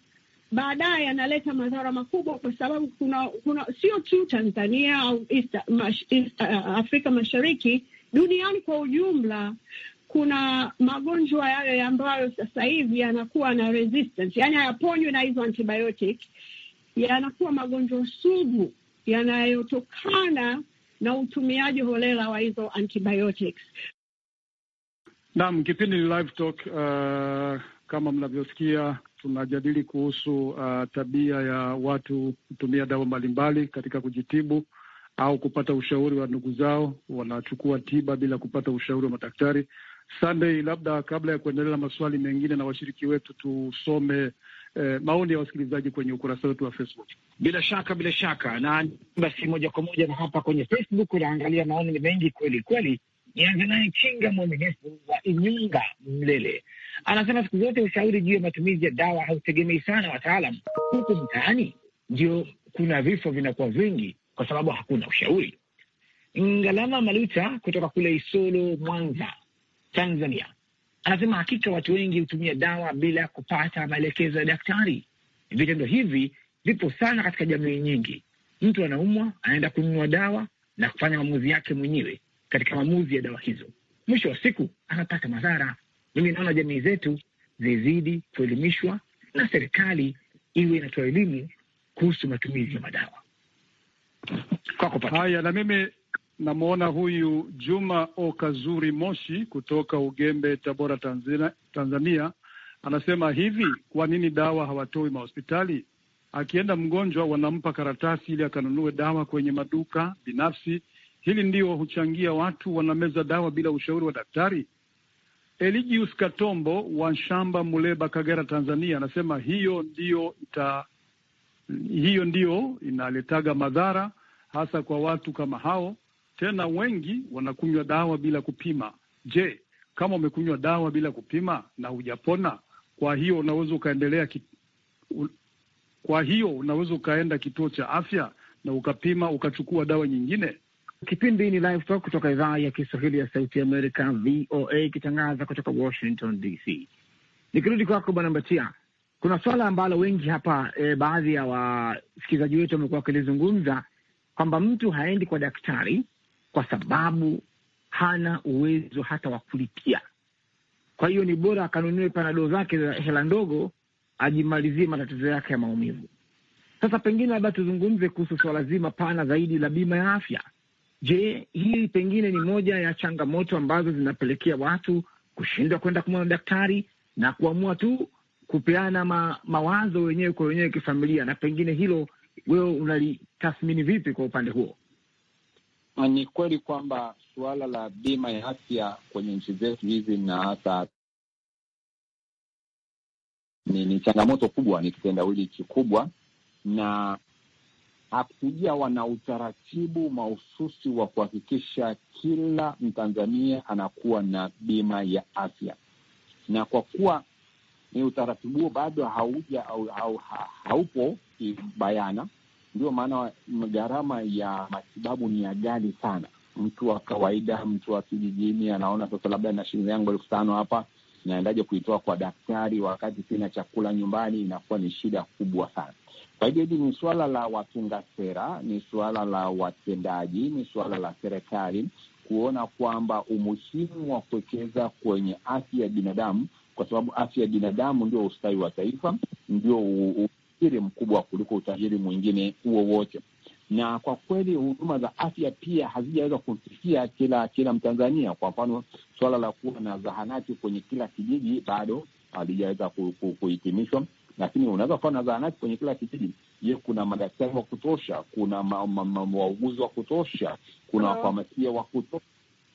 baadaye yanaleta madhara makubwa, kwa sababu kuna kuna sio tu Tanzania au East, mash, East, uh, Afrika Mashariki, duniani kwa ujumla kuna magonjwa yale ambayo sasa hivi yanakuwa na resistance, yani hayaponywi na hizo antibiotic, yanakuwa magonjwa sugu yanayotokana na utumiaji holela wa hizo antibiotics. Naam, kipindi ni Live Talk. Uh, kama mnavyosikia tunajadili kuhusu uh, tabia ya watu kutumia dawa mbalimbali katika kujitibu au kupata ushauri wa ndugu zao, wanachukua tiba bila kupata ushauri wa madaktari. Sunday, labda kabla ya kuendelea na maswali mengine na washiriki wetu, tusome eh, maoni ya wasikilizaji kwenye ukurasa wetu wa Facebook. Bila shaka, bila shaka, na basi moja kwa moja na hapa kwenye Facebook unaangalia maoni ni mengi kweli kweli. Nianze naye Chinga mwaminifu wa Inyunga Mlele, anasema siku zote ushauri juu ya matumizi ya dawa hautegemei sana wataalam, huku mtaani ndio kuna vifo vinakuwa vingi kwa sababu hakuna ushauri. Ngalama Maluta kutoka kule Isolo, Mwanza, Tanzania Anasema hakika watu wengi hutumia dawa bila ya kupata maelekezo ya daktari. Vitendo hivi vipo sana katika jamii nyingi. Mtu anaumwa, anaenda kununua dawa na kufanya maamuzi yake mwenyewe katika maamuzi ya dawa hizo, mwisho wa siku anapata madhara. Mimi naona jamii zetu zizidi kuelimishwa na serikali iwe inatoa elimu kuhusu matumizi ya madawa. Haya, na mimi Namwona huyu Juma Okazuri Moshi kutoka Ugembe, Tabora, Tanzania, anasema hivi, kwa nini dawa hawatoi mahospitali? Akienda mgonjwa wanampa karatasi ili akanunue dawa kwenye maduka binafsi. Hili ndio huchangia watu wanameza dawa bila ushauri wa daktari. Eligius Katombo wa Shamba, Muleba, Kagera, Tanzania, anasema hiyo ndio ita hiyo ndio inaletaga madhara hasa kwa watu kama hao tena wengi wanakunywa dawa bila kupima. Je, kama umekunywa dawa bila kupima na hujapona, kwa hiyo unaweza ukaendelea ki... kwa hiyo unaweza ukaenda kituo cha afya na ukapima ukachukua dawa nyingine. Kipindi ni Live Talk kutoka idhaa ya Kiswahili ya Sauti Amerika, VOA, ikitangaza kutoka Washington DC. Nikirudi kwako Bwana Mbatia, kuna swala ambalo wengi hapa e, baadhi ya wasikilizaji wetu wamekuwa wakilizungumza kwamba mtu haendi kwa daktari kwa sababu hana uwezo hata wa kulipia. Kwa hiyo ni bora akanunue panado zake za hela ndogo, ajimalizie matatizo yake ya maumivu. Sasa pengine labda tuzungumze kuhusu swala zima pana zaidi la bima ya afya. Je, hii pengine ni moja ya changamoto ambazo zinapelekea watu kushindwa kwenda kumwona daktari na kuamua tu kupeana ma, mawazo wenyewe kwa wenyewe kifamilia, na pengine hilo wewe unalitathmini vipi kwa upande huo? Na ni kweli kwamba suala la bima ya afya kwenye nchi zetu hizi na hasa ni, ni changamoto kubwa, ni kitendawili kikubwa, na hakuja wana utaratibu mahususi wa kuhakikisha kila Mtanzania anakuwa na bima ya afya, na kwa kuwa ni utaratibu huo bado hauja au, au, haupo bayana ndio maana gharama ya matibabu ni ya ghali sana. Mtu wa kawaida, mtu wa kijijini anaona sasa, labda na shilingi yangu elfu tano hapa naendaje kuitoa kwa daktari wakati sina chakula nyumbani? Inakuwa ni shida kubwa sana. Kwa hivyo hili ni suala la watunga sera, ni suala la watendaji, ni suala la serikali kuona kwamba umuhimu wa kuwekeza kwenye afya ya binadamu, kwa sababu afya ya binadamu ndio ustawi wa taifa, ndio utajiri mkubwa kuliko utajiri mwingine wote. na kwa kweli huduma za afya pia hazijaweza kumfikia kila kila Mtanzania. Kwa mfano, suala la kuwa na zahanati kwenye kila kijiji bado halijaweza kuhitimishwa ku, lakini unaweza kuwa na zahanati kwenye kila kijiji. Je, kuna madaktari wa kutosha? Kuna wauguzi wa kutosha? Kuna wafamasia wa kutosha?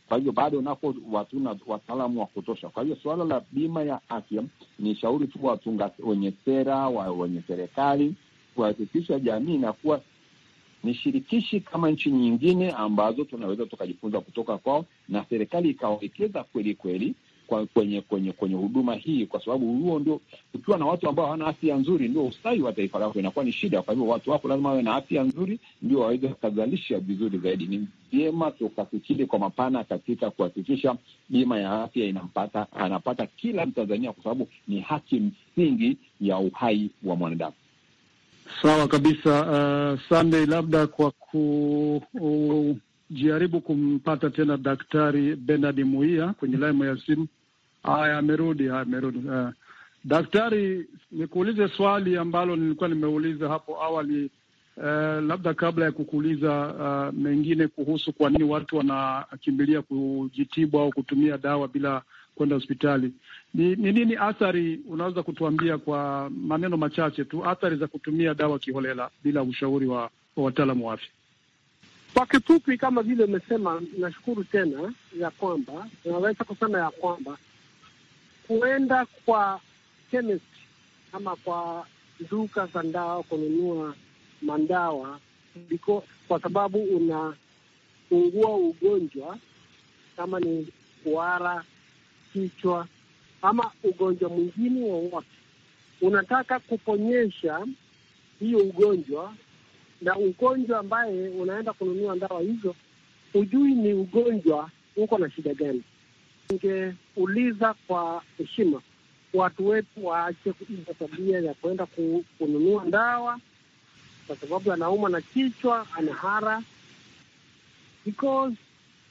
Kwa hiyo bado nako hatuna wataalamu wa kutosha. Kwa hiyo suala la bima ya afya ni shauri tu watunga, wenye sera wa, wenye serikali kuhakikisha jamii inakuwa ni shirikishi kama nchi nyingine ambazo tunaweza tukajifunza kutoka kwao, na serikali ikawekeza kweli kweli kwa kwenye kwenye kwenye huduma hii, kwa sababu huo ndio, ukiwa na watu ambao hawana afya nzuri, ndio ustawi wa taifa lako inakuwa ni shida. Kwa hivyo watu wako lazima wawe na afya nzuri, ndio waweze wakazalisha vizuri zaidi. Ni vyema tukafikiri kwa mapana katika kuhakikisha bima ya afya inampata anapata kila Mtanzania, kwa sababu ni haki msingi ya uhai wa mwanadamu. Sawa kabisa. Uh, Sunday, labda kwa ku uh, kumpata tena Daktari Benard Muia kwenye laimu ya simu Haya, amerudi. Haya, amerudi. Uh, daktari, nikuulize swali ambalo nilikuwa nimeuliza hapo awali, uh, labda kabla ya kukuuliza uh, mengine kuhusu kwa nini watu wanakimbilia kujitibu au kutumia dawa bila kwenda hospitali. Ni nini athari, unaweza kutuambia kwa maneno machache tu, athari za kutumia dawa kiholela bila ushauri wa, wataalamu wa afya? Kwa kifupi, kama vile umesema, nashukuru tena ya kwamba naweza kusema ya kwamba huenda kwa chemist ama kwa duka za ndawa kununua mandawa biko, kwa sababu unaungua ugonjwa kama ni kuhara, kichwa ama ugonjwa mwingine wowote, unataka kuponyesha hiyo ugonjwa, na ugonjwa ambaye unaenda kununua dawa hizo, hujui ni ugonjwa uko na shida gani. Ningeuliza kwa heshima watu wetu waache hizo tabia ya kwenda kununua dawa kwa sababu anaumwa na kichwa, anahara because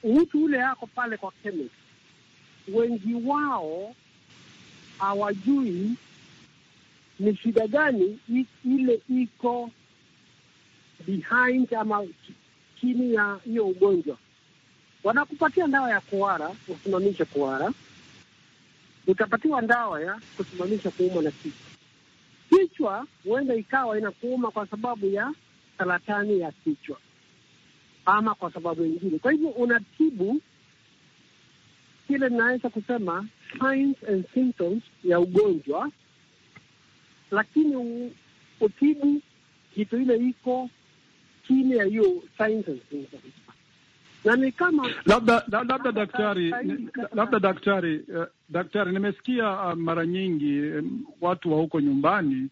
mtu ule yako pale kwa chemist. Wengi wao hawajui ni shida gani ile iko behind ama chini ya hiyo ugonjwa wanakupatia dawa ya kuwara usimamishe kuwara utapatiwa dawa ya kusimamisha kuumwa na kichwa. Kichwa huenda ikawa inakuuma kwa sababu ya saratani ya kichwa ama kwa sababu nyingine. Kwa hivyo unatibu kile inaweza kusema signs and symptoms ya ugonjwa, lakini utibu kitu ile iko chini ya hiyo signs and symptoms kama labda labda daktari labda eh, daktari daktari, nimesikia ah, mara nyingi eh, watu wa huko nyumbani,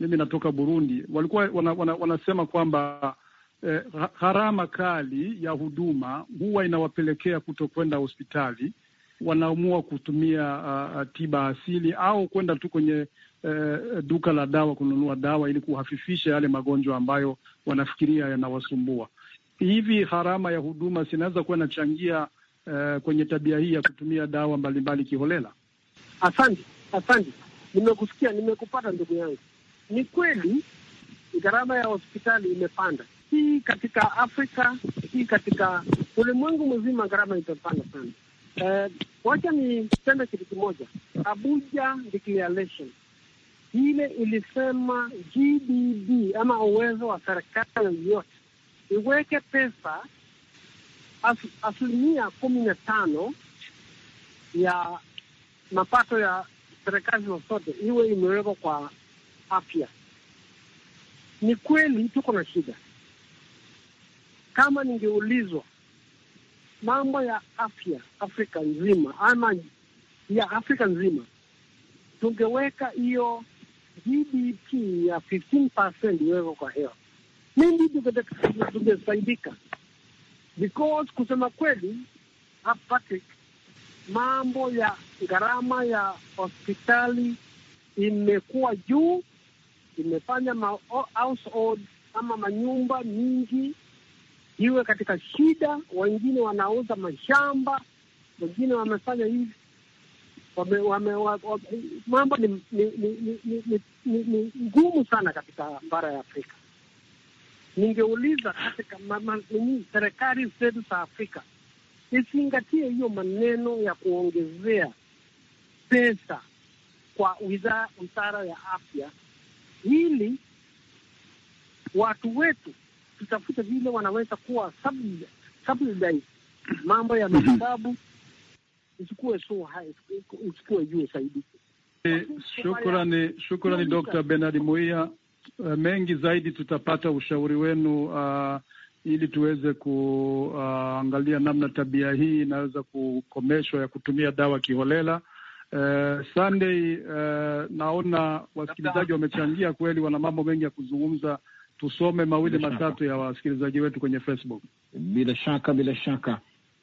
mimi natoka Burundi, walikuwa wana, wana, wanasema kwamba eh, gharama kali ya huduma huwa inawapelekea kutokwenda hospitali, wanaamua kutumia uh, tiba asili au kwenda tu kwenye uh, duka la dawa kununua dawa ili kuhafifisha yale magonjwa ambayo wanafikiria yanawasumbua hivi gharama ya huduma zinaweza kuwa inachangia uh, eh, kwenye tabia hii ya kutumia dawa mbalimbali kiholela? Asante, asante, nimekusikia, nimekupata ndugu yangu. Ni kweli gharama ya hospitali imepanda, hii katika Afrika, hii katika ulimwengu mzima, gharama imepanda sana. Uh, wacha niseme kitu kimoja, Abuja Declaration ile ilisema GDB ama uwezo wa serikali yote iweke pesa asilimia kumi na tano ya mapato ya serikali zozote iwe imewekwa kwa afya. Ni kweli tuko na shida. Kama ningeulizwa mambo ya afya Afrika nzima ama ya Afrika nzima, tungeweka hiyo GDP ya 15% iwekwa kwa hewa mimi tungefaidika because kusema kweli, hapati mambo ya gharama ya hospitali imekuwa juu, imefanya ma household ama manyumba mingi iwe katika shida. Wengine wanauza mashamba, wengine wamefanya hivi wame, wame, wame, mambo ni, ni, ni, ni, ni, ni, ni ngumu sana katika bara ya Afrika. Ningeuliza katika serikali zetu za Afrika izingatie hiyo maneno ya kuongezea pesa kwa wizara, ya afya, ili watu wetu tutafute vile wanaweza kuwa subsidize mambo ya matibabu isikuwe so isikuwe juu zaidi. Eh, shukrani, shukrani Dr. Benard Muia. Uh, mengi zaidi tutapata ushauri wenu uh, ili tuweze kuangalia uh, namna tabia hii inaweza kukomeshwa ya kutumia dawa kiholela. Uh, Sunday, uh, naona wasikilizaji wamechangia kweli, wana mambo mengi ya kuzungumza. Tusome mawili matatu ya wasikilizaji wetu kwenye Facebook. Bila shaka, bila shaka.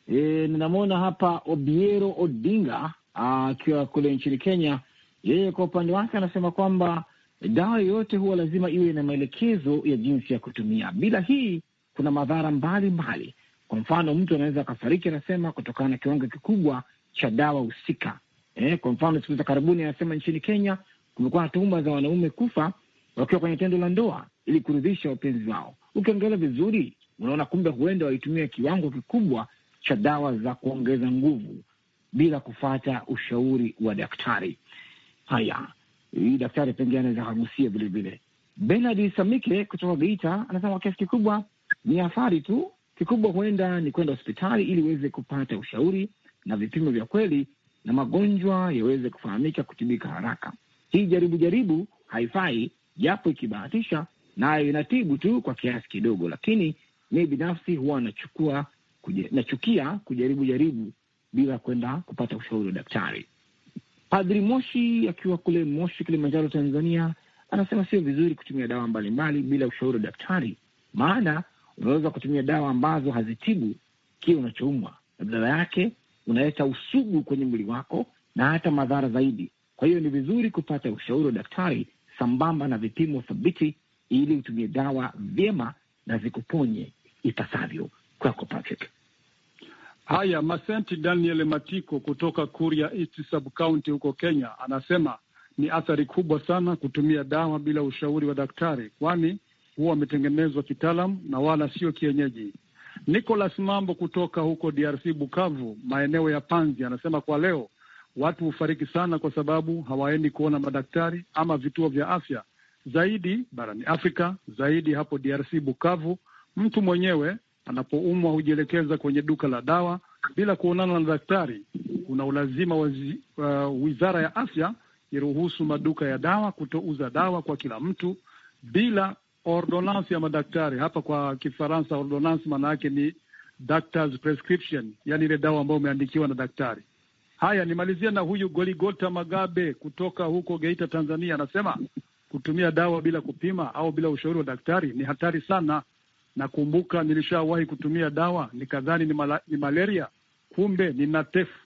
E, ninamwona hapa Obiero Odinga uh, akiwa kule nchini Kenya. Yeye kwa upande wake anasema kwamba dawa yoyote huwa lazima iwe na maelekezo ya jinsi ya kutumia. Bila hii kuna madhara mbalimbali. Kwa mfano, mtu anaweza akafariki, anasema kutokana na kiwango kikubwa cha dawa husika. Eh, kwa mfano siku za karibuni anasema nchini Kenya kumekuwa na tuhuma za wanaume kufa wakiwa kwenye tendo la ndoa ili kuridhisha wapenzi wao. Ukiangalia vizuri, unaona kumbe huenda walitumia kiwango kikubwa cha dawa za kuongeza nguvu bila kufata ushauri wa daktari. Haya, hii daktari pengine anaweza kagusia vilevile. Bernard Samike kutoka Geita anasema kiasi kikubwa ni athari tu, kikubwa huenda ni kwenda hospitali ili uweze kupata ushauri na vipimo vya kweli, na magonjwa yaweze kufahamika, kutibika haraka. Hii jaribu jaribu haifai, japo ikibahatisha nayo inatibu tu kwa kiasi kidogo, lakini mi binafsi huwa nachukua nachukia kujaribu jaribu bila kwenda kupata ushauri wa daktari. Padri Moshi akiwa kule Moshi, Kilimanjaro, Tanzania, anasema sio vizuri kutumia dawa mbalimbali bila ushauri wa daktari, maana unaweza kutumia dawa ambazo hazitibu kile unachoumwa na badala yake unaleta usugu kwenye mwili wako na hata madhara zaidi. Kwa hiyo ni vizuri kupata ushauri wa daktari sambamba na vipimo thabiti, ili utumie dawa vyema na zikuponye ipasavyo. Kwako Patrick. Haya, Masenti Daniel Matiko kutoka Kuria East Sub County huko Kenya anasema ni athari kubwa sana kutumia dawa bila ushauri wa daktari, kwani huwa wametengenezwa kitaalam na wala sio kienyeji. Nicholas Mambo kutoka huko DRC Bukavu, maeneo ya Panzi, anasema kwa leo watu hufariki sana kwa sababu hawaendi kuona madaktari ama vituo vya afya zaidi barani Afrika, zaidi hapo DRC Bukavu, mtu mwenyewe Anapoumwa hujielekeza kwenye duka la dawa bila kuonana na daktari. Kuna ulazima wa uh, wizara ya afya iruhusu maduka ya dawa kutouza dawa kwa kila mtu bila ordonansi ya madaktari. Hapa kwa Kifaransa, ordonansi maana yake ni doctor's prescription, yani ile dawa ambayo umeandikiwa na daktari. Haya, nimalizia na huyu Goligota Magabe kutoka huko Geita, Tanzania, anasema kutumia dawa bila kupima au bila ushauri wa daktari ni hatari sana. Nakumbuka nilishawahi kutumia dawa nikadhani ni, mala, ni malaria, kumbe ni natefu.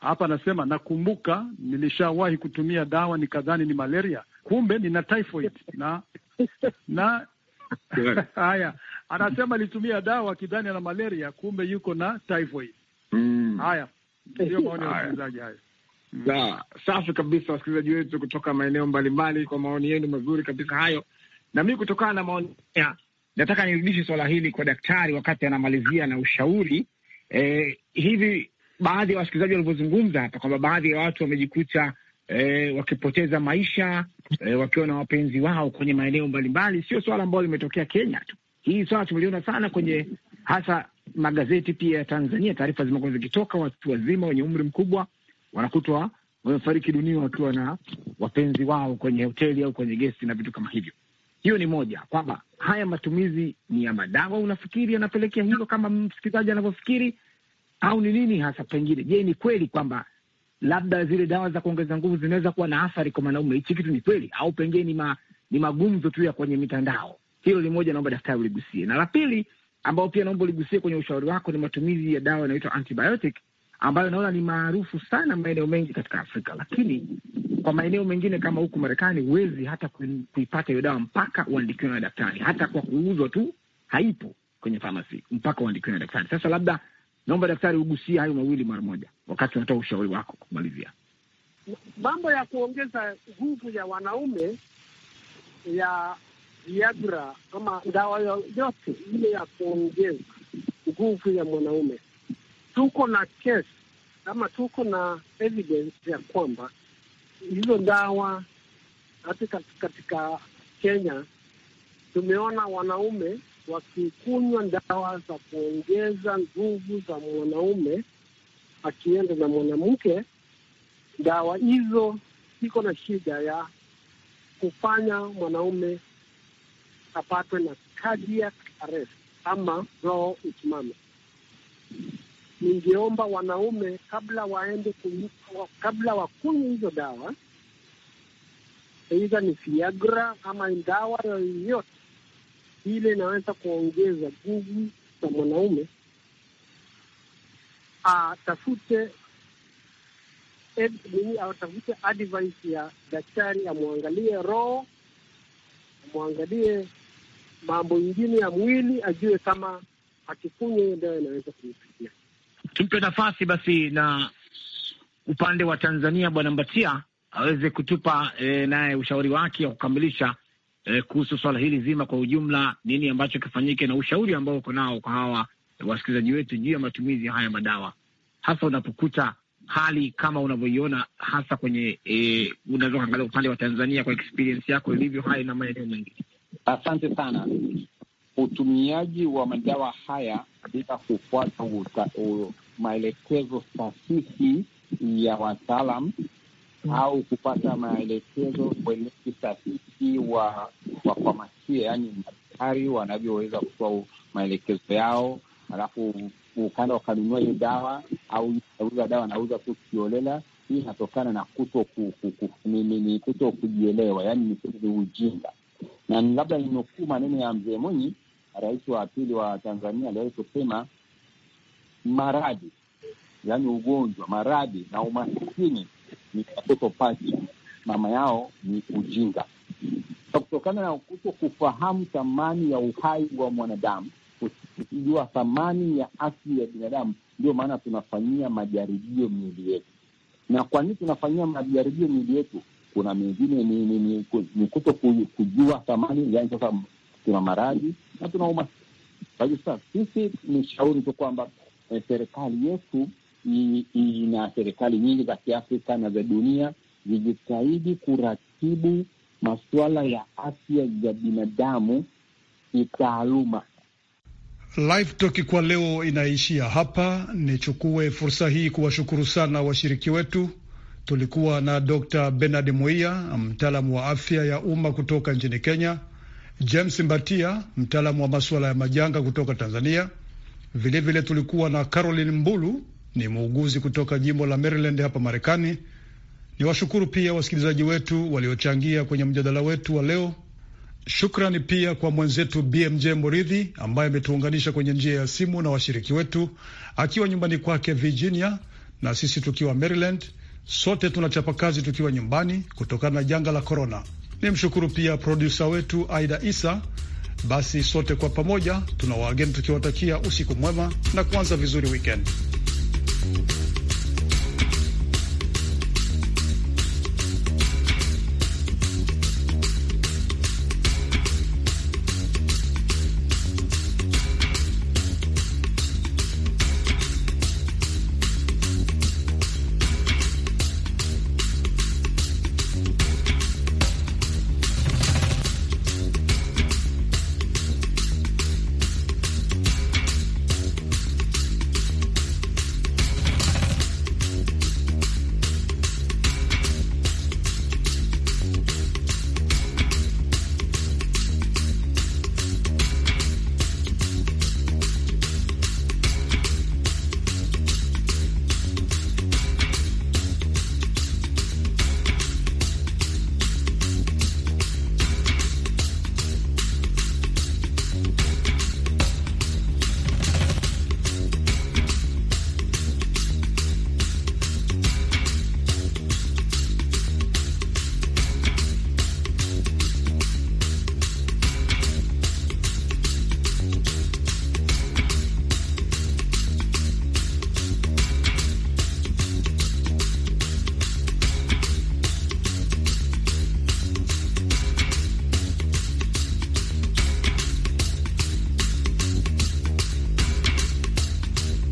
Hapa anasema nakumbuka nilishawahi kutumia dawa nikadhani ni malaria, kumbe nina typhoid na na haya anasema alitumia dawa akidhani ana malaria, kumbe yuko na typhoid. Mm. Haya ndio maoni ya wasikilizaji hayo. Da, mm. safi kabisa, wasikilizaji wetu kutoka maeneo mbalimbali, kwa maoni yenu mazuri kabisa hayo. Na mi kutokana na maoni ya nataka nirudishe swala hili kwa daktari wakati anamalizia na ushauri eh, hivi baadhi ya wasikilizaji walivyozungumza hapa kwamba baadhi ya watu wamejikuta E, wakipoteza maisha e, wakiwa na wapenzi wao kwenye maeneo mbalimbali. Sio swala ambalo limetokea Kenya tu, hii swala tumeliona sana kwenye hasa magazeti pia ya Tanzania. Taarifa zimekuwa zikitoka, watu wazima wenye umri mkubwa wanakutwa wamefariki dunia wakiwa na wapenzi wao kwenye hoteli au kwenye gesti na vitu kama hivyo. Hiyo ni moja, kwamba haya matumizi ni ya madawa, unafikiri yanapelekea hilo kama msikilizaji anavyofikiri, au ni nini hasa? Pengine je, ni kweli kwamba labda zile dawa za kuongeza nguvu zinaweza kuwa na athari kwa mwanaume? Hichi kitu ni kweli au pengine ni, ma, ni magumzo tu ya kwenye mitandao? Hilo ni moja, naomba daktari uligusie. Na la pili, ambao pia naomba uligusie kwenye ushauri wako, ni matumizi ya dawa inayoitwa antibiotic ambayo naona ni maarufu sana maeneo mengi katika Afrika, lakini kwa maeneo mengine kama huku Marekani huwezi hata kuipata hiyo dawa mpaka uandikiwe na daktari. Hata kwa kuuzwa tu haipo kwenye famasi mpaka uandikiwe na daktari. Sasa labda naomba daktari ugusie hayo mawili mara moja, wakati unatoa ushauri wako kumalizia mambo ya kuongeza nguvu ya wanaume ya Viagra ama dawa yoyote ile ya kuongeza nguvu ya mwanaume tuko na case ama tuko na evidence ya kwamba hizo dawa hata katika Kenya tumeona wanaume wakikunywa dawa za kuongeza nguvu za mwanaume akienda na mwanamke, dawa hizo iko na shida ya kufanya mwanaume apatwe na cardiac arrest ama roho isimame ningeomba wanaume kabla waende kabla wakunywe hizo dawa, aidha ni Viagra ama dawa yoyote ile inaweza kuongeza nguvu za mwanaume, atafute atafute advice ya daktari, amwangalie roho, amwangalie mambo ingine ya mwili, ajue kama akikunywa hiyo dawa inaweza kumsaidia tumpe nafasi basi na upande wa Tanzania Bwana Mbatia aweze kutupa e, naye ushauri wake wa kukamilisha e, kuhusu swala hili zima kwa ujumla, nini ambacho kifanyike na ushauri ambao uko nao kwa hawa eh, wasikilizaji wetu juu ya matumizi haya madawa, hasa unapokuta hali kama unavyoiona hasa kwenye e, unaweza kuangalia upande wa Tanzania kwa experience yako ilivyo hai na maeneo mengine. Asante sana utumiaji wa madawa haya bila kufuata maelekezo sahihi ya wataalam au kupata maelekezo wenyeji sahihi wa wafamasia, yaani madaktari wanavyoweza kutoa maelekezo yao, alafu ukanda wakanunua hiyo dawa au auza dawa anauza tu kiolela. Hii inatokana na kuto kuto kujielewa, yaani ni ujinga, na labda ninukuu maneno ya mzee Mwinyi rais wa pili wa Tanzania aliwahi kusema maradhi, yaani ugonjwa, maradhi na umasikini ni watoto pacha, mama yao ni ujinga. Kutokana na kuto kufahamu thamani ya uhai wa mwanadamu, kujua thamani ya afya ya binadamu, ndio maana tunafanyia majaribio miili yetu. Na kwa nini tunafanyia majaribio miili yetu? Kuna mengine ni, ni, ni, ni kuto kujua thamani, yaani sasa tuna maradhi na tuna umaskini. Kwa hiyo sasa sisi ni shauri tu kwamba eh, serikali yetu ina serikali nyingi za Kiafrika na za dunia zijitahidi kuratibu masuala ya afya ya binadamu kitaaluma. Live Talk kwa leo inaishia hapa. Nichukue fursa hii kuwashukuru sana washiriki wetu. Tulikuwa na Dr. Bernard Muia, mtaalamu wa afya ya umma kutoka nchini Kenya, James Mbatia, mtaalamu wa masuala ya majanga kutoka Tanzania. Vilevile vile tulikuwa na Caroline Mbulu, ni muuguzi kutoka jimbo la Maryland hapa Marekani. Ni washukuru pia wasikilizaji wetu waliochangia kwenye mjadala wetu wa leo. Shukrani pia kwa mwenzetu BMJ Muridhi ambaye ametuunganisha kwenye njia ya simu na washiriki wetu akiwa nyumbani kwake Virginia na sisi tukiwa Maryland. Sote tunachapa kazi tukiwa nyumbani kutokana na janga la korona ni mshukuru pia produsa wetu Aida Isa. Basi sote kwa pamoja tuna waageni tukiwatakia usiku mwema na kuanza vizuri wikendi.